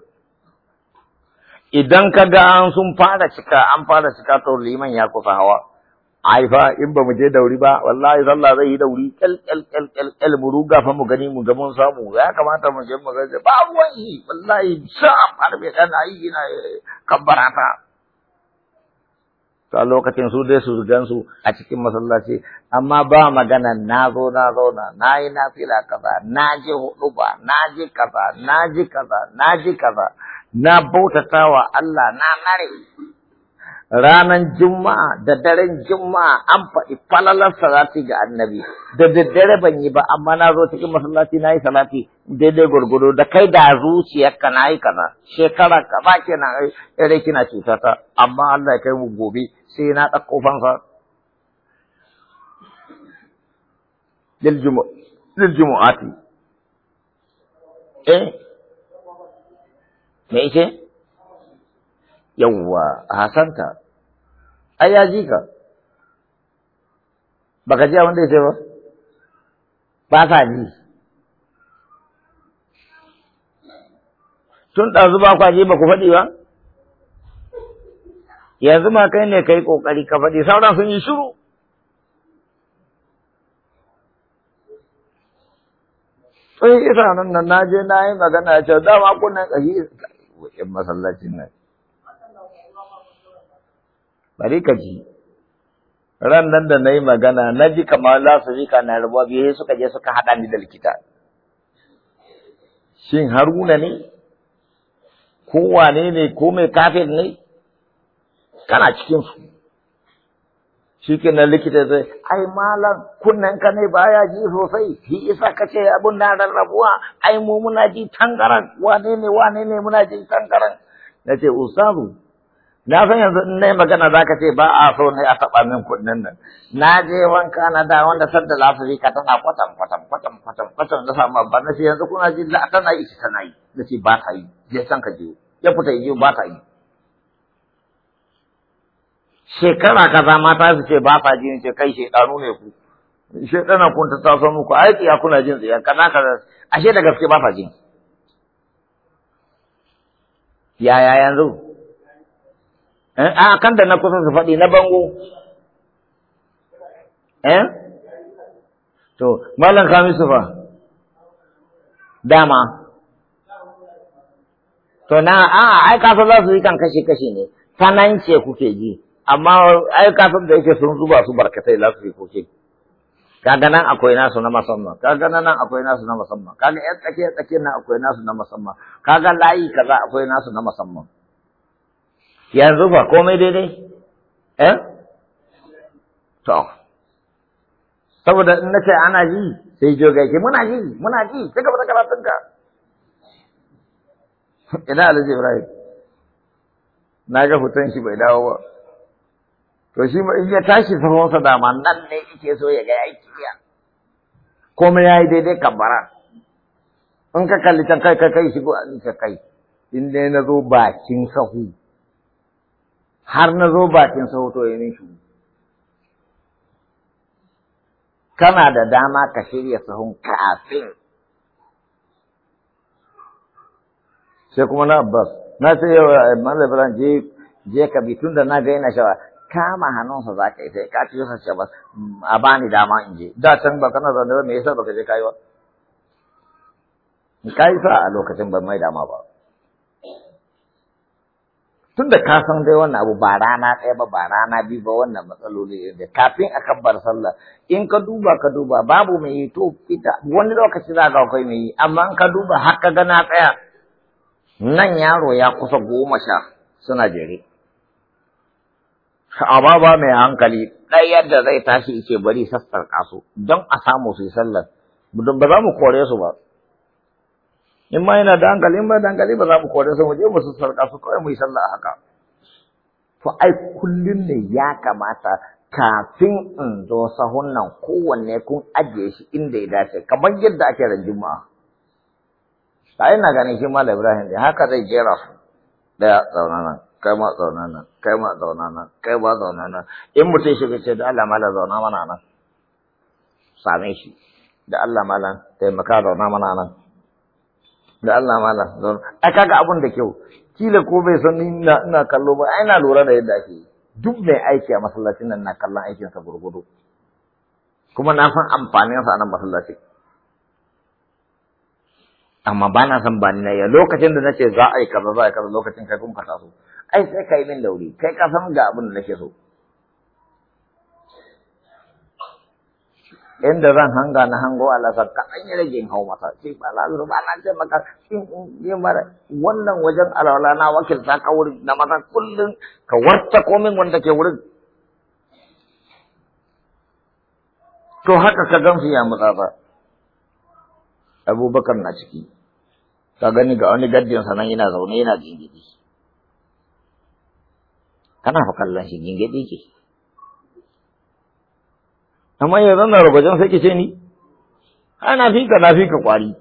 idan ka ga an sun fara cika an fara cika to liman ya kusa hawa ai in ba mu je dauri ba wallahi sallah zai yi dauri kal kal kal kal kal mu ruga fa mu gani mu ga samu ya kamata mu je mu ga ba ruwan yi wallahi sam har bai dan ai ina kabbara ta ta lokacin su dai su gan su a cikin masallaci amma ba magana na zo na zauna na yi na fila kaza na je hudu ba na je kaza na je kaza na je kaza na bautata wa Allah na nare ranan juma'a da daren juma'a an faɗi falalar salati ga annabi da daddare ban yi ba amma na zo cikin masallaci na yi salati daidai gwargwado da kai da zuciyarka na yi kana shekara kaza kenan ire kina cutata amma Allah ya kai mu gobe sai na ɗauko fansa juma'ati eh me yake yawwa hasanta ai ya ji ka ka ji abin da ce ba ba sa ji tun ɗazu ba kwa ji ba ku faɗi ba yanzu ma kai ne ka yi ƙoƙari ka faɗi sauran sun yi shiru sai isa nan na je na yi magana ce dama kunnen ƴan masallacin nan. Bari ka ji, ran nan da na yi magana, na ji kamar lasirika na rabuwa biyu suka je suka haɗa ni da likita. Shin Haruna ne? Ko wane ne ko mai kafin ne? Kana cikinsu. shi nan likita zai ai malam kunnen ka ne baya ji sosai shi isa ka ce abin na rarrabuwa ai mu muna ji tangaran wane ne wane ne muna ji tangaran na ce ustazu na san yanzu in nayi magana za ka ce ba a so ne a taɓa min kunnen nan na je wanka na da wanda da lafiri ka tana kwatan kwatan kwatan kwatan kwatan na samu babba na ce yanzu kuna ji la tana yi tana yi na ce ba ta yi je san ka je ya fita yi ba ta yi shekara kaza mata su ce ba sa jin ce kai shekaru ne ku shekara kun ta taso muku aiki ya kuna jin tsiya kaza kaza ashe da gaske ba sa jin yaya yanzu eh, a kan da na kusa su faɗi na bango eh to malam kamisu fa dama to na a ai kasa za su yi kan kashi kashi ne sanan sanance kuke ji amma ai kafin da yake sun zuba su barkatai lasifofin kaga nan akwai nasu na musamman kaga nan akwai nasu na musamman kaga yan tsakiya take nan akwai nasu na musamman kaga layi kaza akwai nasu na musamman yanzu fa komai daidai eh to saboda in nace ana ji sai joga ke muna ji muna ji sai ka da karatunka ina alhaji ibrahim na ga hoton shi bai dawo ba to shi in ya tashi sahonsa dama nan ne yake so ya ga aiki ya komai ya yi daidai kabara in ka kalli can kai kai kai shigo an ka kai in dai na zo bakin sahu har na zo bakin sahu to ya nishu kana da dama ka shirya sahun kafin sai kuma na abbas na ce yau eh, malam ibrahim je je ka bi tunda na ga yana shawa kama hannunsa za ka yi sai ka ciyo ce ba a bani dama in je da can ba kana zaune ba me yasa baka je kai ba ka yi sa a lokacin ban mai dama ba tunda ka san dai wannan abu ba rana ɗaya ba ba rana biyu ba wannan matsaloli da kafin a kabbar sallah in ka duba ka duba babu mai yi to fita wani lokaci za ka akwai mai yi amma in ka duba har ka ga na tsaya nan yaro ya kusa goma sha suna jere sha'aba ba mai hankali ɗaya yadda zai tashi yake bari sassarƙa su don a samu su yi sallar don ba za mu kore su ba in ma yana da hankali in ba da hankali ba za mu kore su mu je mu sassarƙa su kawai mu yi sallah haka to ai kullum ne ya kamata kafin in zo sahun nan kowanne kun ajiye shi inda ya dace kamar yadda ake da juma'a ta ina ganin shi malam ibrahim da haka zai jera su daya tsaunanan kai ma zauna nan kai ma zauna nan kai ma zauna nan in mutum shi ce da Allah malam zauna mana nan same shi da Allah malam taimaka zauna mana nan da Allah malam zauna ai kaga abun da kyau kila ko bai san ina ina kallo ba ai na lura da yadda ake duk mai aiki a masallacin nan na kallon aikinsa gurgudu kuma na san amfaninsa a nan masallacin amma ba na san ba ni na lokacin da nace za a yi kaza za a yi kaza lokacin kai kun ka taso ai sai ka yi min da kai ka san ga abin da nake so inda zan hanga na hango alasa an yi rage hau masa sai ba la zuru ba na ce maka in in mara wannan wajen alwala na wakilta ka wuri na masa kullum ka warta komin wanda ke wurin to haka ka gan ya mutsa ba abubakar na ciki ka gani ga wani gaddin sanan yana zaune yana jingidi kana fa kallon shi gingedi ke amma ya zanna rubajen sai ke ce ni ana ka na ka kwari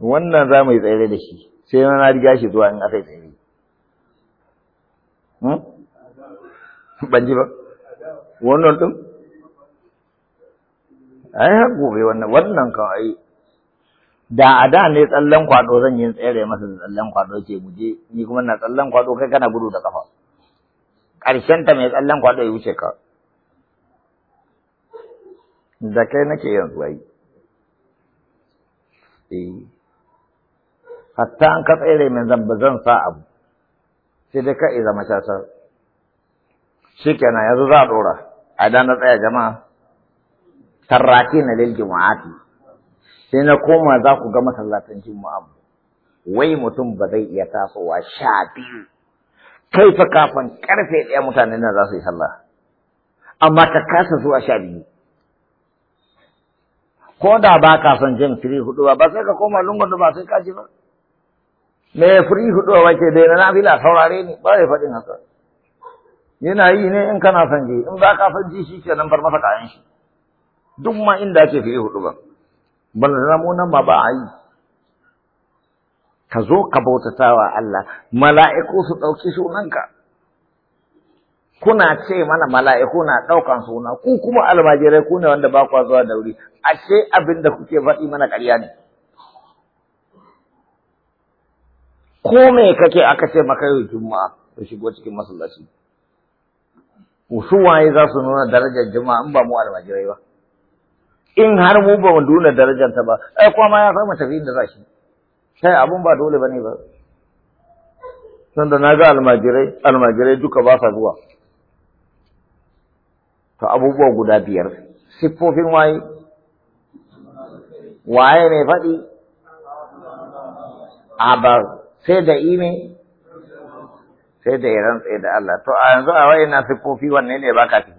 wannan za mu yi tsere da shi sai na riga shi zuwa in aka yi tsere hmm? ban ji ba wannan ɗin ai gobe wannan wannan kan ai da a da ne tsallan kwado zan yi tsere masa da tsallan kwado ke mu ni kuma na tsallan kwado kai kana gudu da kafa ƙarshen ta mai tsallan kwado ya wuce ka da kai nake yanzu ai eh hatta an ka tsere min zan zan sa abu sai dai ka zama shasar shikenan yanzu za a dora a da na tsaya jama'a tarraki na lil jumu'ati sai na koma za ku ga masallatan juma'a wai mutum ba zai iya tasowa sha biyu kai fa kafin karfe ɗaya mutanen na za su yi sallah amma ka kasa zuwa sha biyu ko da ba ka son jin firi hudu ba sai ka koma lungun da ba sai ji ba me firi hudu ba ke dai na nafila saurare ni ba zai faɗin haka yana yi ne in kana son ji in ba ka son ji shi ke nan bar masa kayan shi duk ma inda ake firi hudu ba Ban mu nan ma ba a yi ka zo ka bautata wa Allah mala'iku su ɗauki sunanka kuna ce mana mala'iku na ɗaukan suna ku kuma almajirai ku ne wanda ba kwa zuwa da wuri. ashe abin da kuke faɗi mana ƙarya ne ko me kake aka ce maka yau juma'a ka shigo cikin masallaci su waye za su nuna darajar juma'a in ba mu almajirai ba in har mu ba mu nuna darajarta ba ai kuma ma ya samu tafi da zashi sai abun ba dole bane ba sanda na ga almajirai almajirai duka ba sa zuwa to abubuwa guda biyar siffofin waye waye mai faɗi a ba sai da ime sai da iran sai da Allah to a yanzu a waye na siffofi wanne ne baka fi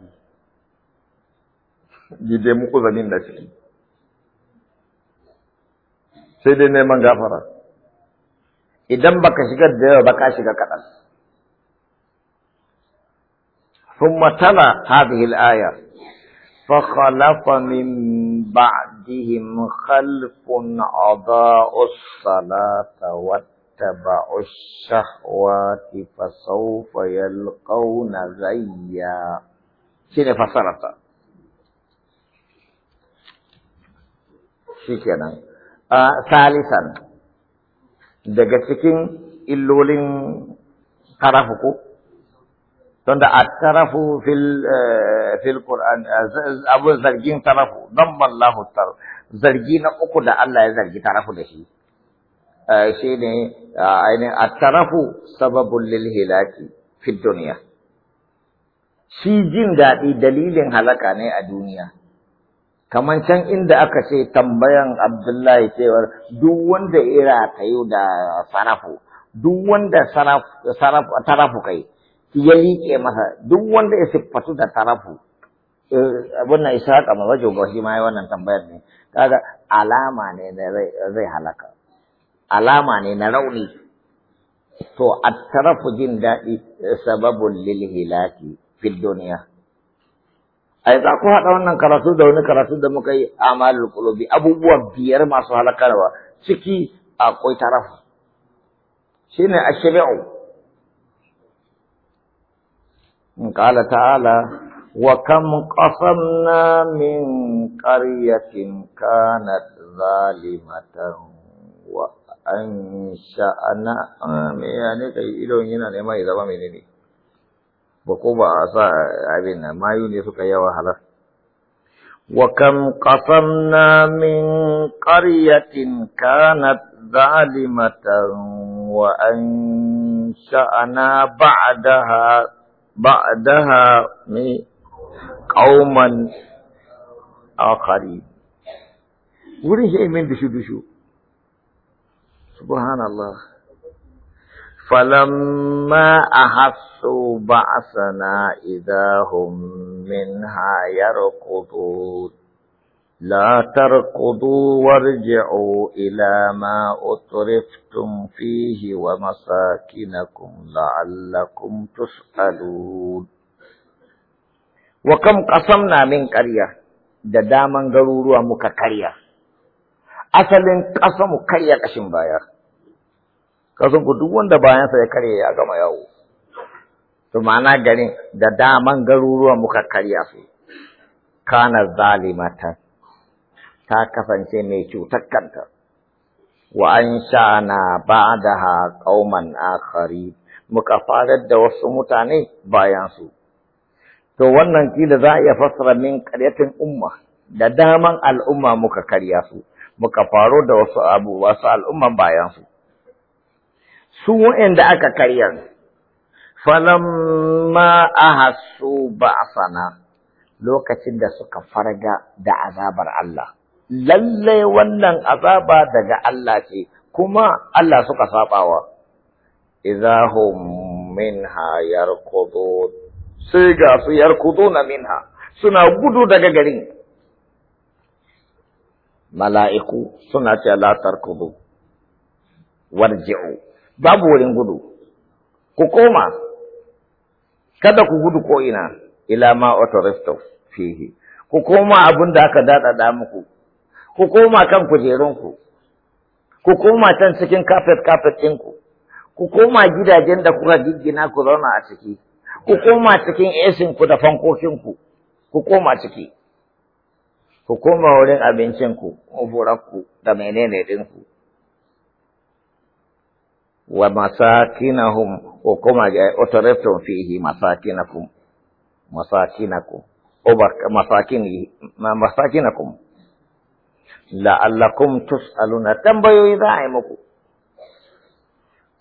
gide ko zalin da ciki sai dai neman gafara idan baka shigar da yawa baka shiga kadan kaɗan ثم تلا هذه الآية فخلف من بعدهم خلف أضاعوا الصلاة واتبعوا الشهوات فسوف يلقون غيا شنو فسرتها shi kenan salisan daga cikin illolin tarafu don tunda a tarafu fil Kur'an, eh, eh, abin zargin tarafu don tar zargi na uku da Allah ya zargi tarafu da shi eh, shi ne ainihin a tarafu sababul lilhilaki fi shi jin daɗi dalilin halaka ne a duniya Kaman can inda aka ce tambayan Abdullahi cewar duk wanda ira ta yi da sarafu, duk wanda tarafu kai, ya liƙe masa, duk wanda ya siffatu da tarafu, eh, abin na isa kama wajen gashi ma wannan tambayar ne, kaga alama ne na zai halaka, alama ne na rauni. to tarafu jin daɗi sababun lil hilaki fid duniya a za ku haɗa wannan karatu da wani karatu da muka yi malar kulobi abubuwa biyar masu halakarwa ciki akwai tarafu shine ashbi'u ƙala ta'ala wa kam na min qaryatin kanat zalimatan wa ansha'na ah, me yana kai idon yana nema ya zama menene ba ko ba a sa abin nan mayu ne suka yawa halar wa kam qasamna min qaryatin kanat zalimatan wa ansha'na ba'daha ba'daha mi qauman akharin wuri shi min dushu dushu subhanallah فلما أحسوا بعثنا إذا هم منها يركضون لا تركضوا وارجعوا إلى ما أترفتم فيه ومساكنكم لعلكم تسألون وكم قسمنا من قرية دداما daman garuruwa muka karya قرية ƙasa kasan ku duk wanda bayan bayansa ya karye ya gama yawo to ma'ana gari da daman garuruwa muka karya su kana zalimata ta kasance mai cutar kanta wa an na ba'daha qauman akhari muka farar da wasu mutane bayan su to wannan kila za a iya fassara min qaryatin umma da daman al'umma muka karya su muka faro da wasu abu wasu al'umman bayan su su wa'anda aka karyar falamma ahassu ba'sana lokacin da suka farga da azabar Allah lalle wannan azaba daga Allah ce kuma Allah suka sabawa idahum minha yarkudu sai ga su na minha suna gudu daga garin mala'iku suna ce la tarkudu warji'u babu wurin gudu ku koma kada ku gudu ko ina ila ma fihi ku koma abin da aka daɗaɗa muku ku koma kan kujerunku ku koma can cikin kafet kafet ɗinku ku koma gidajen da kuka giggina ku zauna a ciki ku koma cikin esinku da fankokinku ku koma ciki ku koma wurin abincinku, ku da menene ɗinku. ومساكنهم وكما اترفتم فيه مساكنكم مساكنكم مساكنه مساكنكم لعلكم تسألون تنبيوا إذا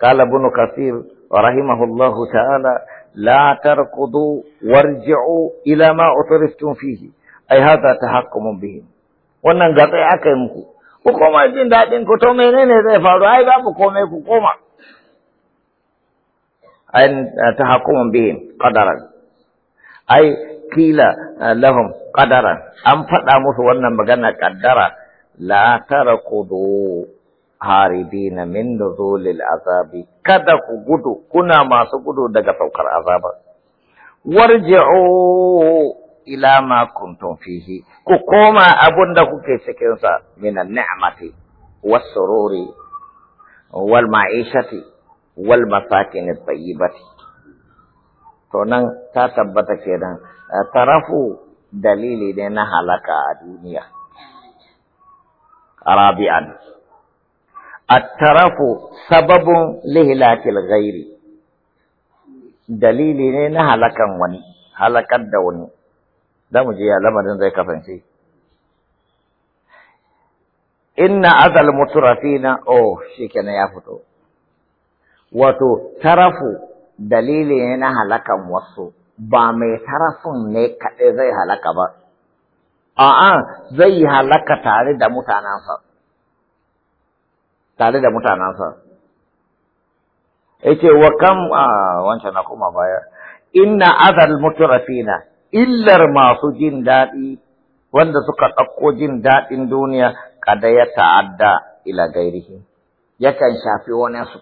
قال ابن كثير رحمه الله تعالى لا تركضوا وارجعوا إلى ما اترفتم فيه أي هذا تحكم بهم وننقطع gatsai وكما yi muku ku koma jin daɗin ku to menene zai أن تحكم بهم قدرا أي قيل لهم قدرا أم فتا مسوانا مغانا قدرا لا تركضوا هاردين من نزول العذاب kada ku gudu kuna masu gudu daga saukar azaba warji'u ila ma kuntum fihi ku koma abunda kuke cikin sa minan ni'mati was sururi wal ma'ishati wal masakin tayyibati to nan ta tabbata kenan eh, tarafu dalili ne na halaka a duniya rabi'an at-tarafu sababun lihlakil ghairi dalili ne na halakan wani halakar da wani za mu je ya lamarin zai kafance inna azal mutrafina oh shikenan ya fito wato tarafu dalili ne na halakan wasu ba mai tarafin ne kaɗai zai halaka ba a'a zai halaka tare da mutanensa tare da mutanensa yake wa kam wancan na kuma baya inna azal mutrafina illar masu jin daɗi wanda suka ɗauko jin daɗin duniya kada ya ta'adda ila gairihi yakan shafi wani su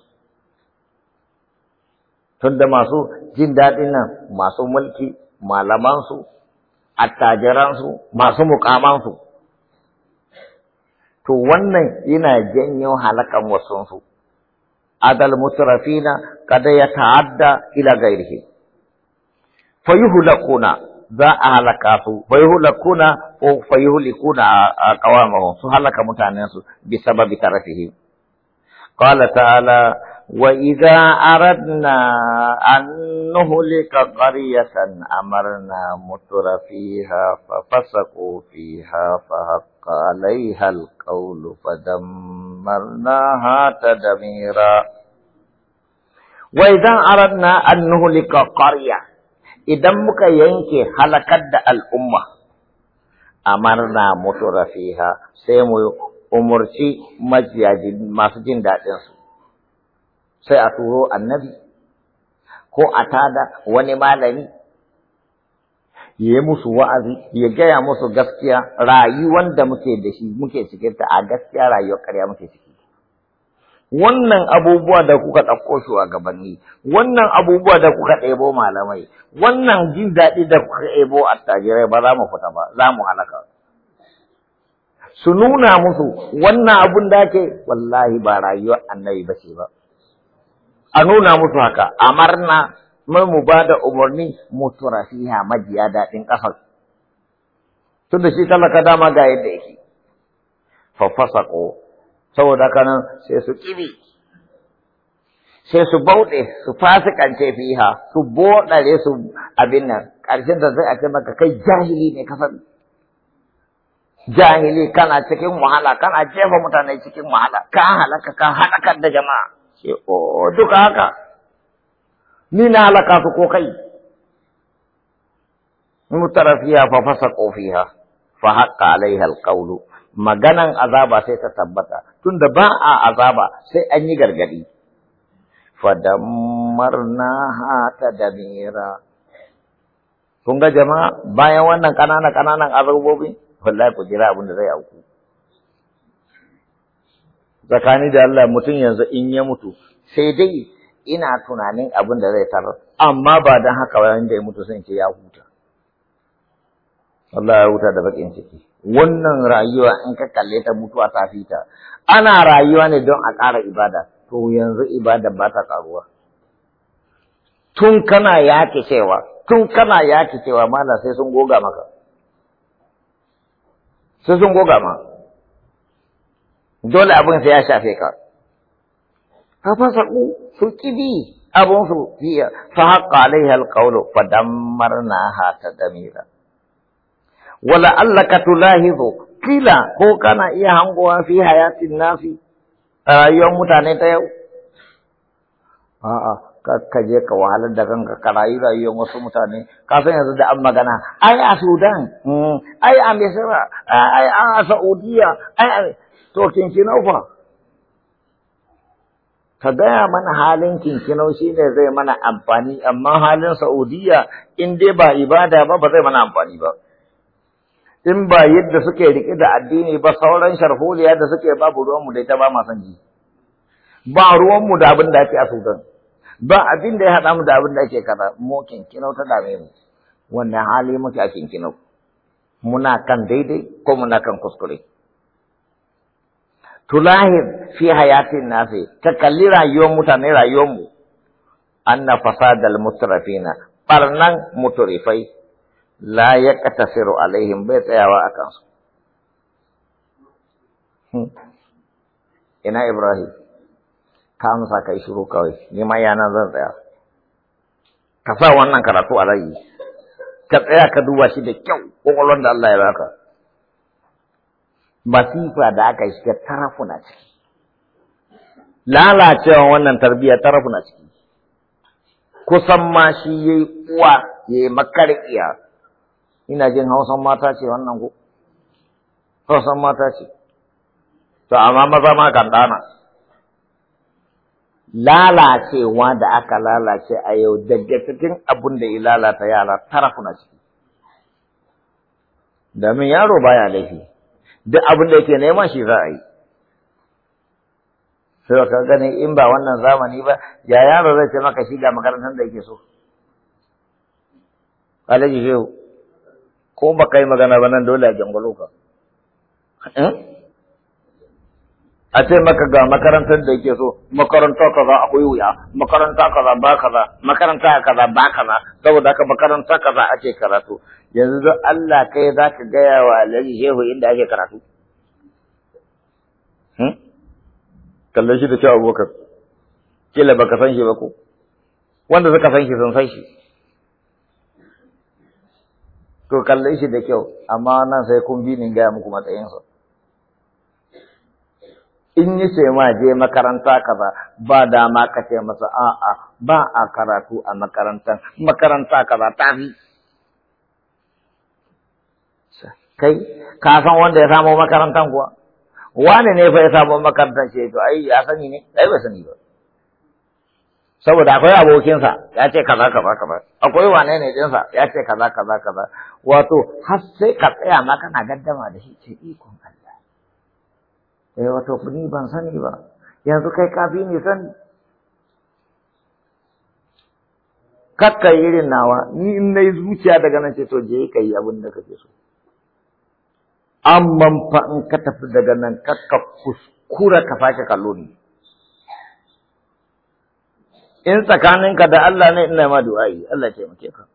tunda masu jin daɗin nan masu mulki malamansu attajiransu masu mukamansu to wannan yana janyo halakan wasunsu adal mutrafina kada ya ta'adda ila gairihi fayuhlakuna za a halaka su fayuhlakuna ko fayuhlikuna qawamahum su halaka mutanensu bi sababi tarafihim qala ta'ala وإذا أردنا أن نهلك قرية أمرنا متر فيها ففسقوا فيها فحق عليها القول فدمرناها تدميرا وإذا أردنا أن نهلك قرية إذا مك ينكي هلكت الأمة أمرنا متر فيها سيمو أمرتي مسجد ما سجن داتنسو sai a turo annabi ko a tada wani malami ya yi musu wa'azi ya gaya musu gaskiya rayuwar da muke da shi muke cikinta a gaskiya rayuwar ƙarya muke ciki wannan abubuwa da kuka ɗauko a gabanni, wannan abubuwa da kuka ɗebo malamai wannan jin daɗi da kuka ɗebo attajirai ba za mu fita ba za mu halaka su nuna musu wannan abun da ke wallahi ba rayuwar annabi ba ce ba a nuna musu haka amarna mai mu ba da umarni mu tura majiya daɗin ƙasar da shi talaka dama ga yadda yake fa fasaqo saboda kanan sai su kibi sai su bauɗe su ce fiha su boɗare su abin nan ƙarshen da zai a ce maka kai jahili ne ka jahili kana cikin wahala kana jefa mutane cikin wahala ka halaka ka halakar da jama'a ce oh, duka haka ni na halaka su ko kai mutarafiya fa fasa kofiha fa haƙa alaiha alƙaulu maganan azaba sai ta tabbata tun da ba a azaba sai an yi gargadi fadammarnaha damira kun ga jama'a bayan wannan ƙananan ƙananan azabobi wallahi ku jira abin da zai auku tsakani da Allah mutum yanzu in ya mutu sai dai ina tunanin abin da zai tarar amma ba don haka ba da ya mutu sai ce ya huta Allah ya huta da bakin ciki wannan rayuwa in ka kalle ta mutuwa ta fita ana rayuwa ne don a ƙara ibada to yanzu ibada ba ta ƙaruwa tun kana yaki cewa tun kana yaki cewa mana sai sun goga maka sai sun goga maka dole abin sai ya shafe ka fa fasaku su kibi abun su fiya fa haƙa alaiha alqawlu fa hata damira, wala allaka tulahizu kila ko kana iya hangowa fi hayatin nafi a rayuwar mutane ta yau a'a ka je ka wahalar da kanka ka rayu rayuwar wasu mutane ka san yanzu da an magana ai a Sudan mm, ai a Misira, ai a Saudiya ai To kinkinau fa, ka gaya mana halin kinkinau shi ne zai mana amfani, amma halin Saudiya in dai ba ibada ba ba zai mana amfani ba. In ba yadda suke riƙe da addini ba sauran sharholiya da suke babu ruwanmu da ita ba masu ji. Ba ruwanmu da abin da ake a Sudan, ba abin da ya haɗa mu da abin da ake kaza, mu kinkinau ta dame mu. Wannan hali muke a kinkinau. Muna kan daidai ko muna kan kuskure. Tulahin fi hayatin nasi ta kalli rayuwar mutane rayuwar mu anna fasadal mutrafina barnan muturifai la yaqtasiru alaihim bai tsayawa a su hmm. ina ibrahim ka amsa kai shiru kawai ni ma yana zan tsaya ka sa wannan karatu a rayi ka tsaya ka duba shi da kyau kokolon da Allah ya baka masifa da aka shiga na ciki lalacewa wannan tarbiyya na ciki kusan ma shi yayi uwa yayi makarƙiya ina jin hausan mata ce wannan ko hausan mata ce to amma maza ma kan dana lalacewa da aka lalace a yau daga cikin abin da ya lalata yara na ciki domin yaro baya laifi duk abin da yake nema shi za a yi sai ka gani in ba wannan zamani ba ya yaro zai ce maka shi ga makarantar da yake so Kalaji shehu ko ba kai magana ba nan dole a jangolo ka eh? a ce maka ga makarantar da yake so makaranta kaza akwai wuya makaranta kaza ba kaza makaranta kaza ba kaza saboda ka makaranta kaza ake karatu yanzu don Allah kai za ka gaya wa alhaji shehu inda ake karatu hmm? kallon shi da cewa abubakar kila baka san shi ba ko wanda suka san shi sun san shi to kallon shi da kyau amma nan sai kun bi ni gaya muku matsayinsa in yi ce ma je makaranta kaza ba dama ka ce masa a'a ba a karatu a makarantar makaranta kaza ta fi kai ka san wanda ya samo makarantar kuwa wani ne fa ya samo makarantar ce to ai ya sani ne ai ba sani ba saboda akwai abokinsa ya ce kaza kaza kaza akwai wane ne dinsa ya ce kaza kaza kaza wato har sai ka tsaya ma kana gaddama da shi ce ikon sai eh, wato ni ban sani ba yanzu kai kafi ne sani kan. irin nawa ni in Ini zuciya daga nan ce to je ka yi abin da kake so amman fa kata ka tafi daga nan kuskura ka kaluni. in tsakaninka da Allah ne ina ma du'a'i Allah ke muke ka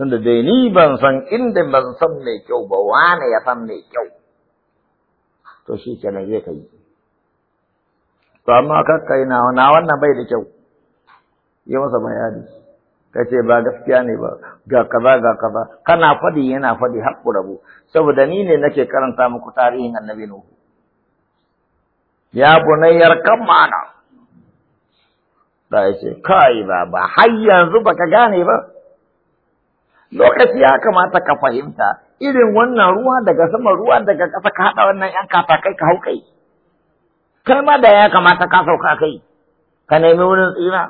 tunda dai ni ban san inda ban san mai kyau ba wane ya san mai kyau to shi kenan zai kai to amma kakka yi na wannan bai da kyau yi masa bayani ka ce ba gaskiya ne ba ga kaza ga kaza kana faɗi yana faɗi haƙƙu rabu saboda ni ne nake karanta muku tarihin annabi nuhu ya bunayyar kan mana da ya ce kai ba ba har yanzu baka gane ba lokaci ya kamata ka fahimta irin wannan ruwa daga sama ruwa daga ƙasa ka haɗa wannan ‘yan katakai ka hau kai, kai ma da ya kamata ka sauka kai, ka nemi wurin tsina?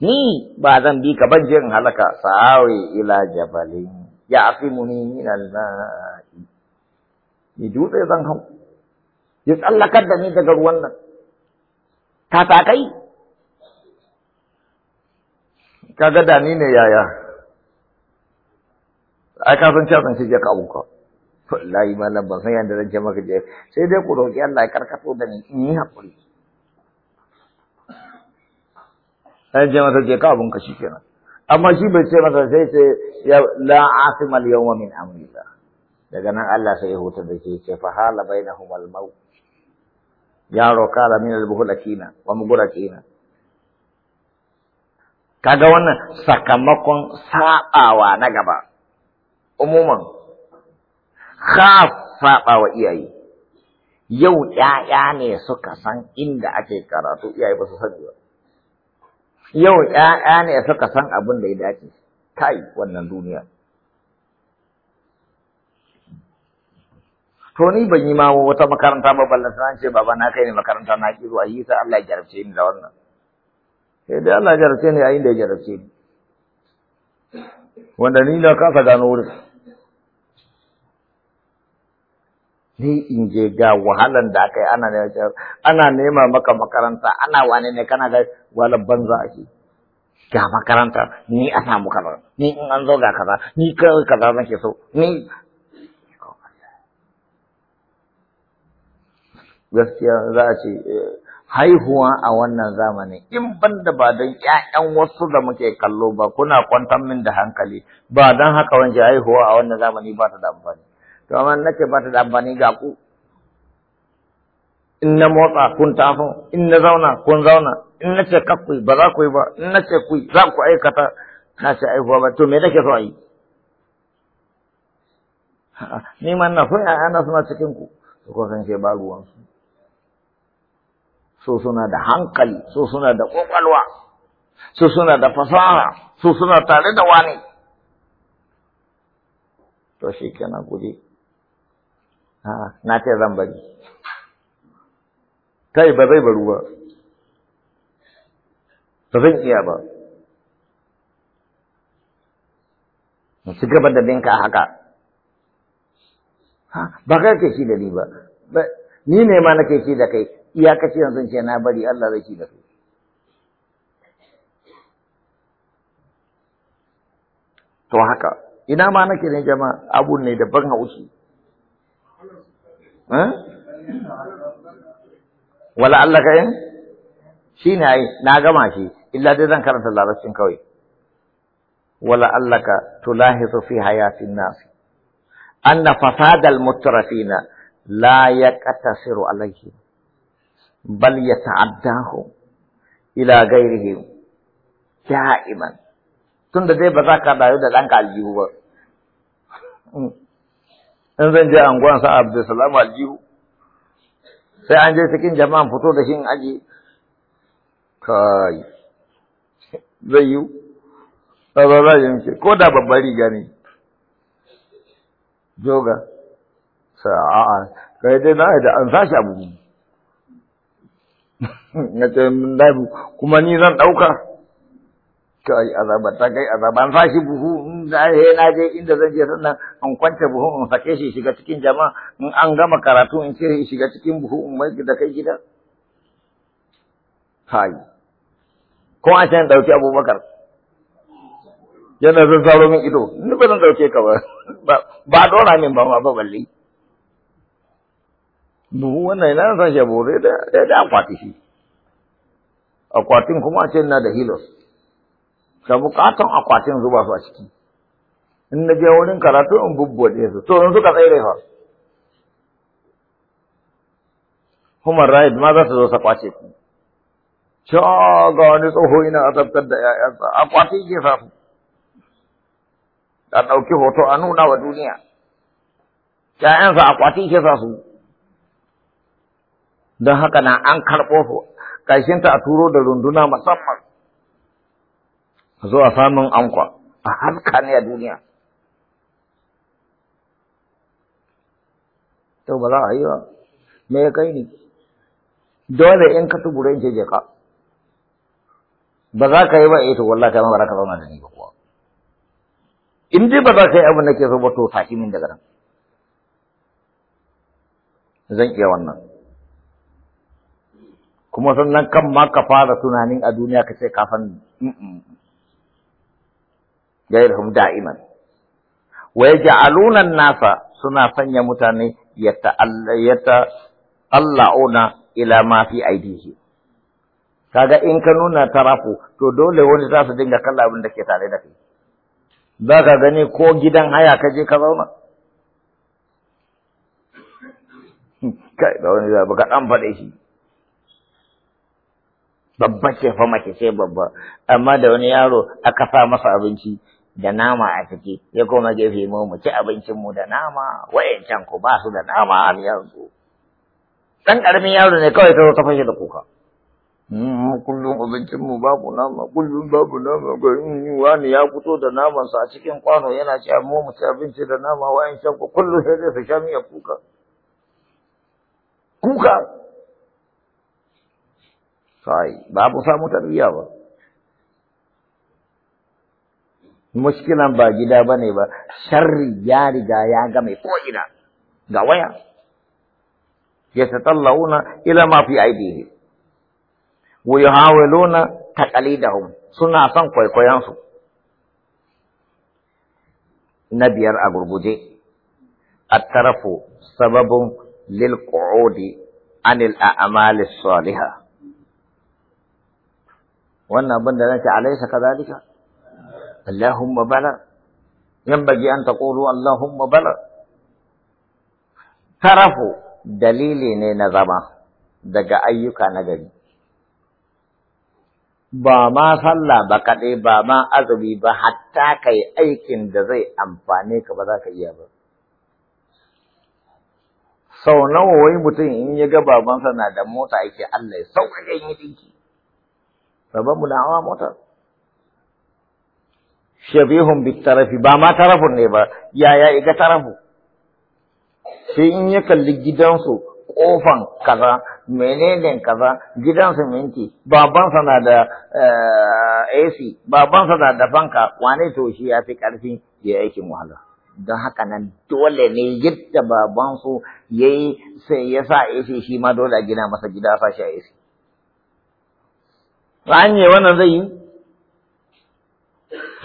Ni ba zan bi ka ban jin halaka, sa'awi ila jabalin ya fi muni na al-ma'i. Ni dutse zan hau, ya tsallakar da ni daga ruwan nan. Katakai, kaga da ni ne yaya. ai ka san cewa sai je ka abuka wallahi malam ban san yadda zan ce maka je sai dai ku roki Allah ya karkato da ni in yi hakuri sai je masa je ka abun ka shikenan amma shi bai ce masa sai ce ya la asim al yawma min amrillah daga nan Allah sai ya huta da ke ce fa hala bainahum al maut ya roka la min al buhulakina wa mugurakina kaga wannan sakamakon sabawa na gaba umuman saɓa wa iyaye yau ‘ya'ya ne suka san inda ake karatu iyaye ba su sani ba yau ‘ya'ya ne suka san abin da ya dace kai wannan duniya to ni ban yi ma wata makaranta ba ballan an ce baba na kai ne makaranta na ki zuwa yi sai Allah ya jarabce ni da wannan sai dai Allah ya jarabce ni a inda ya jarabce ni wanda ni na kasa gano wurin ni in je ga wahalan da aka yi ana nema ana nema maka makaranta ana wane ne kana ga wala banza ake ga makaranta ni a samu kaza ni in an zo ga kaza ni kai kaza nake so ni gaskiya za a ce eh, haihuwa a wannan zamani in ban da ba don ƴaƴan wasu da muke kallo ba kuna kwantar min da hankali ba don haka wance haihuwa a wannan zamani ba ta da amfani to amma ba ta da amfani ga ku in na motsa kun tafi in na zauna kun zauna in na ce kakkui ba za ku yi ba in na ce ku za ku aikata na ce aihuwa ba to me nake so a yi ni ma na so ana suna cikin ku su ko san ba ruwansu so suna da hankali so suna da kokalwa so suna da fasaha so suna tare da wani to shi kenan gudi a'a na ce zan bari kai ba zai baru ba ba zan iya ba mu ci gaba da binka haka ba kai ke shi da ni ba ni ne ma nake shi da kai iyakaci yanzu ce na bari Allah zai ci da kai to haka ina ma nake ne jama'a abun ne da ban haushi ولعلك إيه shi ne ai na gama shi illa dai zan karanta larabcin kawai wala allaka tulahizu fi hayatin nas anna fasadal mutrafina la yaqtasiru alayhi bal yata'addahu ila ghairihi da'iman tunda dai ba za ka dawo da danka aljihu ba in zan je anguwan sa Abdulsalam aljihu sai an je cikin jama'an fito da shi in aje kai zai yi tsarara yanke ko da babbar riga ne joga sa'a kai dai na da an sashi abu na ce mun kuma ni zan ɗauka kai azaba ta kai azaba an sashi buhu na je inda zan je sannan in kwance buhu in sake shi shiga cikin jama'a in an gama karatu in cire shi shiga cikin buhu in mai da kai gida kai ko a can dauki abubakar yana zan saro min ido ni ba zan dauke ka ba ba dora min ba ma ba balle buhu wannan ina zan shi abu ya da akwati shi akwatin kuma a ce na da hilos ka bukatan akwatin zuba su a ciki in na je wurin karatu in bubbuɗe su to in suka tsere fa human right ma za su zo sa kwace ku ce ga wani tsoho ina azabtar da ƴaƴansa a kwace ke sa su a ɗauki hoto a nuna wa duniya ƴaƴansa a kwace ke sa su don haka na an karɓo su ƙarshinta a turo da runduna musamman zo a samun ankwa a harka ne a duniya yau ba za a yi ba me ya kai ni dole in ka tugure je je ka ba za ka yi ba eh to wallahi kai ma ba za ka zauna da ni ba kuwa in dai ba za ka yi abin da ke so ba to tashi min daga nan zan iya wannan kuma sannan kan ma ka fara tunanin a duniya ka ce kafan gairhum da'iman wa yaj'aluna an-nasa suna sanya mutane ya ta'alla'una ila ma fi aidihi kaga in ka nuna tarafu to dole wani za su dinga kallon abin da ke tare da kai za ka gani ko gidan haya ka je ka zauna kai ba wani za ka dan faɗe shi babba ce fa mace ce babba amma da wani yaro aka sa masa abinci da nama a ciki ya koma gefe mu mu ci abincinmu da nama wayancan ku ba su da nama a yanzu dan karamin yaro ne kawai ta zo ta fashe da kuka mm, kullum mu babu nama kullum babu nama garin wani ya fito da sa a cikin kwano yana ci mu mu ci abinci da nama wayancan ku kullum sai dai su sha miya kuka kuka sai babu samu tarbiyya ba مشكلان با جدا بني با شر ياري جا يا غمي فوجنا غويا يتطلعون الى ما في ايديهم ويحاولون تقليدهم سنة سن كوي كوي انسو نبيار اغربوجي الترف سبب للقعود عن الاعمال الصالحه وانا بندلك عليه كذلك bala. Yang bagi anta تقولوا Allahumma bala. Tarafu dalili ne na zama daga ayyuka na gari. Ba ma sallah ba kaɗai ba ma azumi ba hatta ka aikin da zai amfane ka ba za ka iya ba. Sau nawa wai mutum in ya ga babansa na da mota yake Allah ya sauƙaƙe yi dinki. Babanmu na hawa motar. shabihun bi ba ma tarafin ne ba yaya iga tarafu sai in ya kalli gidansu kofan kaza menene kaza gidansu minti babansa na da AC babansa na da fanka wane to shi ya fi karfi ya aikin wahala don haka nan dole ne yadda babansu ya yi sai ya sa AC shi ma dole a gina masa gida sa shi a AC. Ranye wannan zai yi?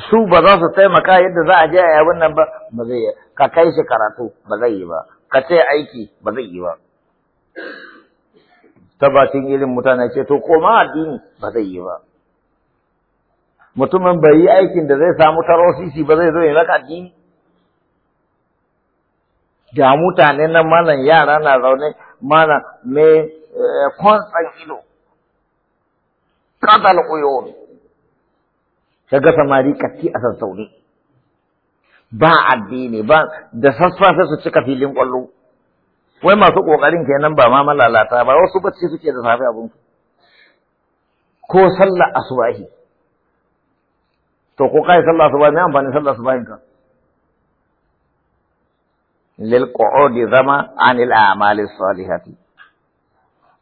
su ba za su taimaka yadda za a je a yawon nan ba ba zai yi ka kai shi karatu ba zai yi ba ka ce aiki ba zai yi ba tabbacin irin mutane ce to koma addini ba zai yi ba mutumin bai yi aikin da zai samu tarosisi ba zai zo ya maka addini ga mutane nan malam yara na zaune malam mai eh, kwantsan ido kadal uyun kaga samari katti a sassaune ba addini ba da sai su cika filin kwallo wai masu kokarin kenan ba ma malalata ba wasu bacci suke da safi abun ko sallah asubahi to ko kai sallah asubahi ne amfani sallah asubahi ka lil qu'udi zama anil a'mali salihati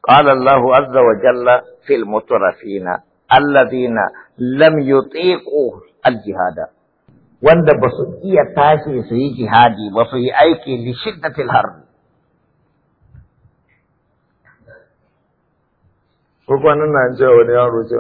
qala Allahu azza wa jalla fil mutrafina alladina lam yutiqu al-jihada wanda ba su iya tashi su yi jihadi ba su yi aiki li shiddatil harbi ko kwanan na cewa wani yaro ce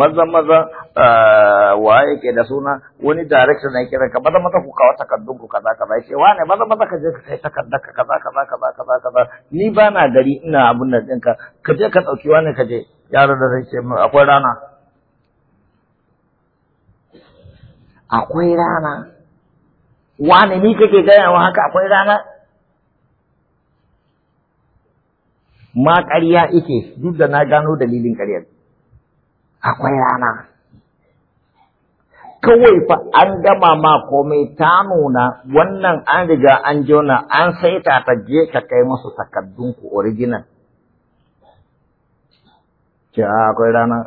maza maza ah, waye ke da suna wani director ne kiran ka maza maza ku kawo takardun ku kaza kaza ce wane maza maza ka je ka kai takardar ka kaza kaza kaza kaza ni ba na gari ina abun nan ɗinka ka je ka ɗauki wani ka je yaron da zai ce mu akwai rana akwai rana wane ni kake gaya wa haka akwai rana ma ƙarya ike duk da na gano dalilin ƙaryar akwai rana kawai fa an gama ma komai ta nuna wannan an riga an jona an saita ta je ka kai musu takaddunku original چې هغه ډانه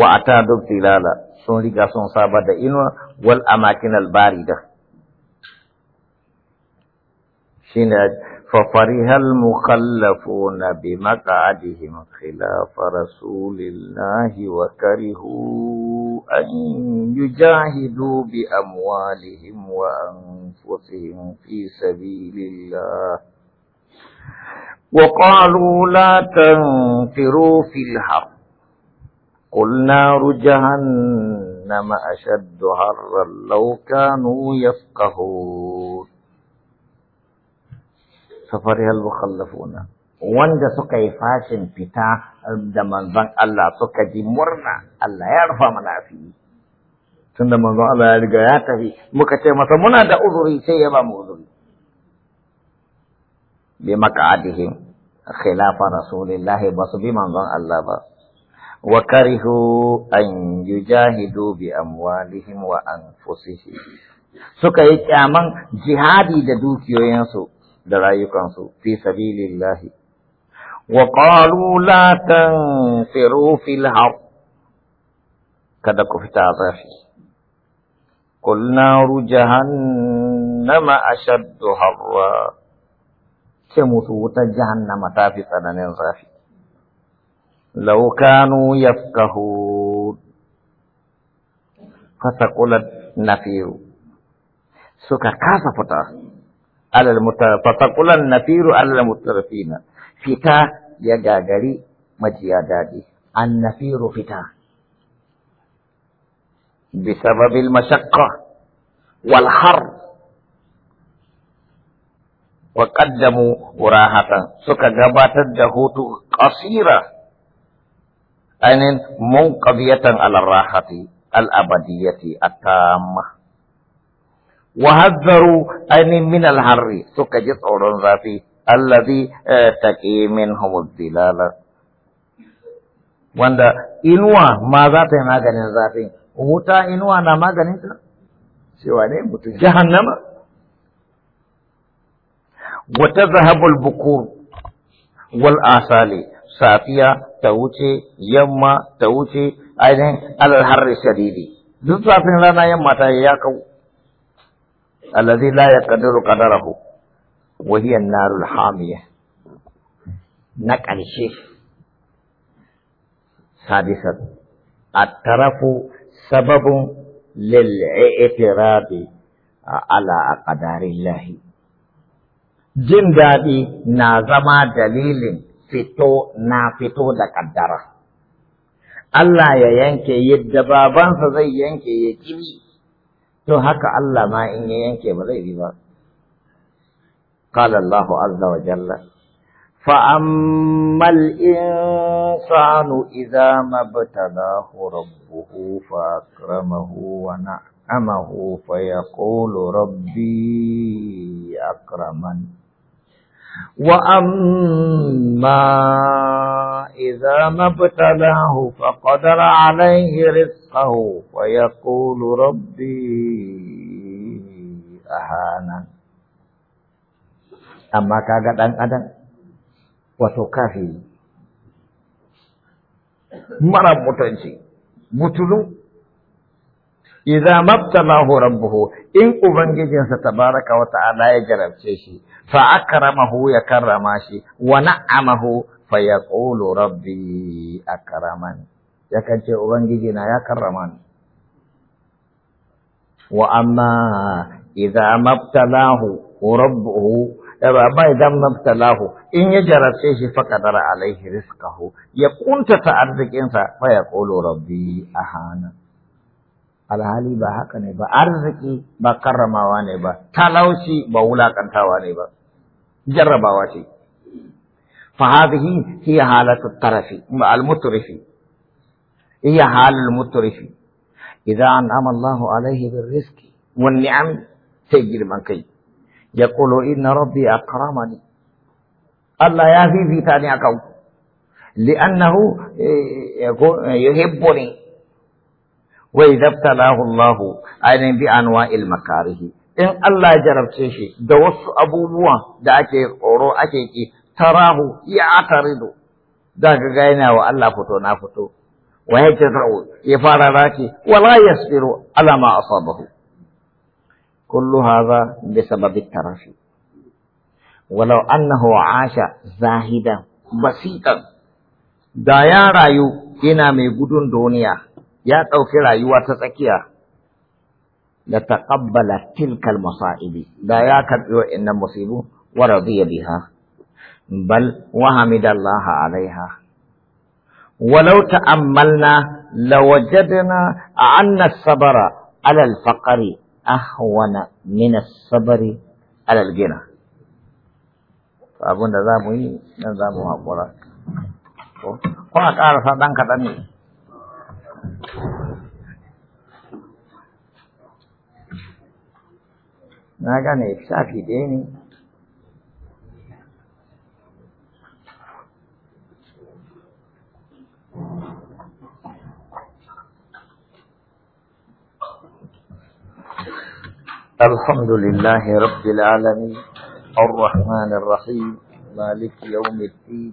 واتا دوتی لالا سونلی گاسون صاحب د اینو ول اماکن البارده شین ففریح المخلفون بمقعدهم خلاف رسول الله وكرهوا ان يجاهدوا باموالهم وان أنفسهم في سبيل الله وقالوا لا تنفروا في الحر قل نار جهنم أشد حرا لو كانوا يفقهون سفر المخلفون wanda suka yi fashin fita da manzon Allah suka ji murna Allah ya rufa mana asiri tunda manzon Allah ya riga ya tafi muka ce masa muna da uzuri sai ya ba mu uzuri bi maq'adihim khilafa rasulillahi ba su bi manzon Allah ba wa karihu an yujahidu bi amwalihim wa anfusihim suka yi kyaman jihadi da dukiyoyinsu da rayukansu fi sabilillahi wa qalu la tanfiru fil har kada ku fita قل نار جهنم أشد حرا كمثوت جهنم تافتا سنن لو كانوا يفقهون فثقلت نفير سكا كاسا فتا على المتر فثقل النفير على المترفين فتا يجاجري مجيادادي النفير فتا بسبب المشقة والحر وقدموا وراحة سكا جبات الدهوت قصيرة أن منقضية على الراحة الأبدية التامة وهذروا أن من الحر سكا جسر ذاتي الذي آه، تكي منهم الظلال wanda إنوا ماذا za ta wuta inuwa na maganin ta cewa ne mutum jahannama wata zahabul bukur wal asali safiya ta wuce yamma ta wuce ainihin alal harri shadidi duk safin rana yamma ta ya kau allazi la yaqdiru qadarahu wa hiya narul hamiya na ƙarshe sadisat A tarafu sababun lil'i'tiradi ala aqdarillahi jin daɗi na zama dalilin fito na fito da ƙaddara. Allah ya yanke yadda babansa zai yanke ya kibi to haka Allah ma in ya yanke ba zai yi ba قال الله عز وجل فأما الإنسان إذا ما ابتلاه ربه فأكرمه ونعمه فيقول ربي أكرمن وأما إذا ما ابتلاه فقدر عليه رزقه فيقول ربي أهانن أما كاغت أن أدن wato kafiri mara mutunci butulu idza mabtalahu rabbuhu in ubangijinsa tabaraka wa ta'ala ya jarabce shi fa akramahu ya karrama shi wa na'amahu fa yaqulu rabbi akraman yakan ce ubangijina ya karrama ni wa amma idza mabtalahu rabbuhu amma idan mabtalahu in ya jarabce shi faqadara alaihi rizqahu ya kunta ta arzikinsa fa ya qulu rabbi ahana alhali ba haka ne ba arziki ba karramawa ne ba talauci ba wulakantawa ne ba jarrabawa ce fa hadhihi hiya halatu tarafi ma al-mutrifi hiya halul mutrifi idan an'ama Allahu alaihi bir rizqi wan ni'am sai girman kai يقول إن ربي أكرمني الله يا في ثاني أكو لأنه إيه، يحبني وإذا ابتلاه الله أين بأنواع المكاره إن الله جرب شيء دوس أبو بوا دعك أورو أكيكي تراه يعترض ذاك غينا والله فتو نافتو تدعو يفارراكي ولا يصبر على ما أصابه كل هذا بسبب التراخي ولو انه عاش زاهدا بسيطا دا يا رايو ينا مي غدون دنيا يا دوكي رايوا ta لتقبل تلك المصائب tilkal masa'ib da ya ورضي بها بل وحمد الله عليها ولو تأملنا لوجدنا أن الصبر على الفقر ahwana min as-sabri ala al-ghina abin za mu yi nan za mu haƙura ko a ƙarasa ɗan kaɗan ne na gane shafi ɗaya الحمد لله رب العالمين الرحمن الرحيم مالك يوم الدين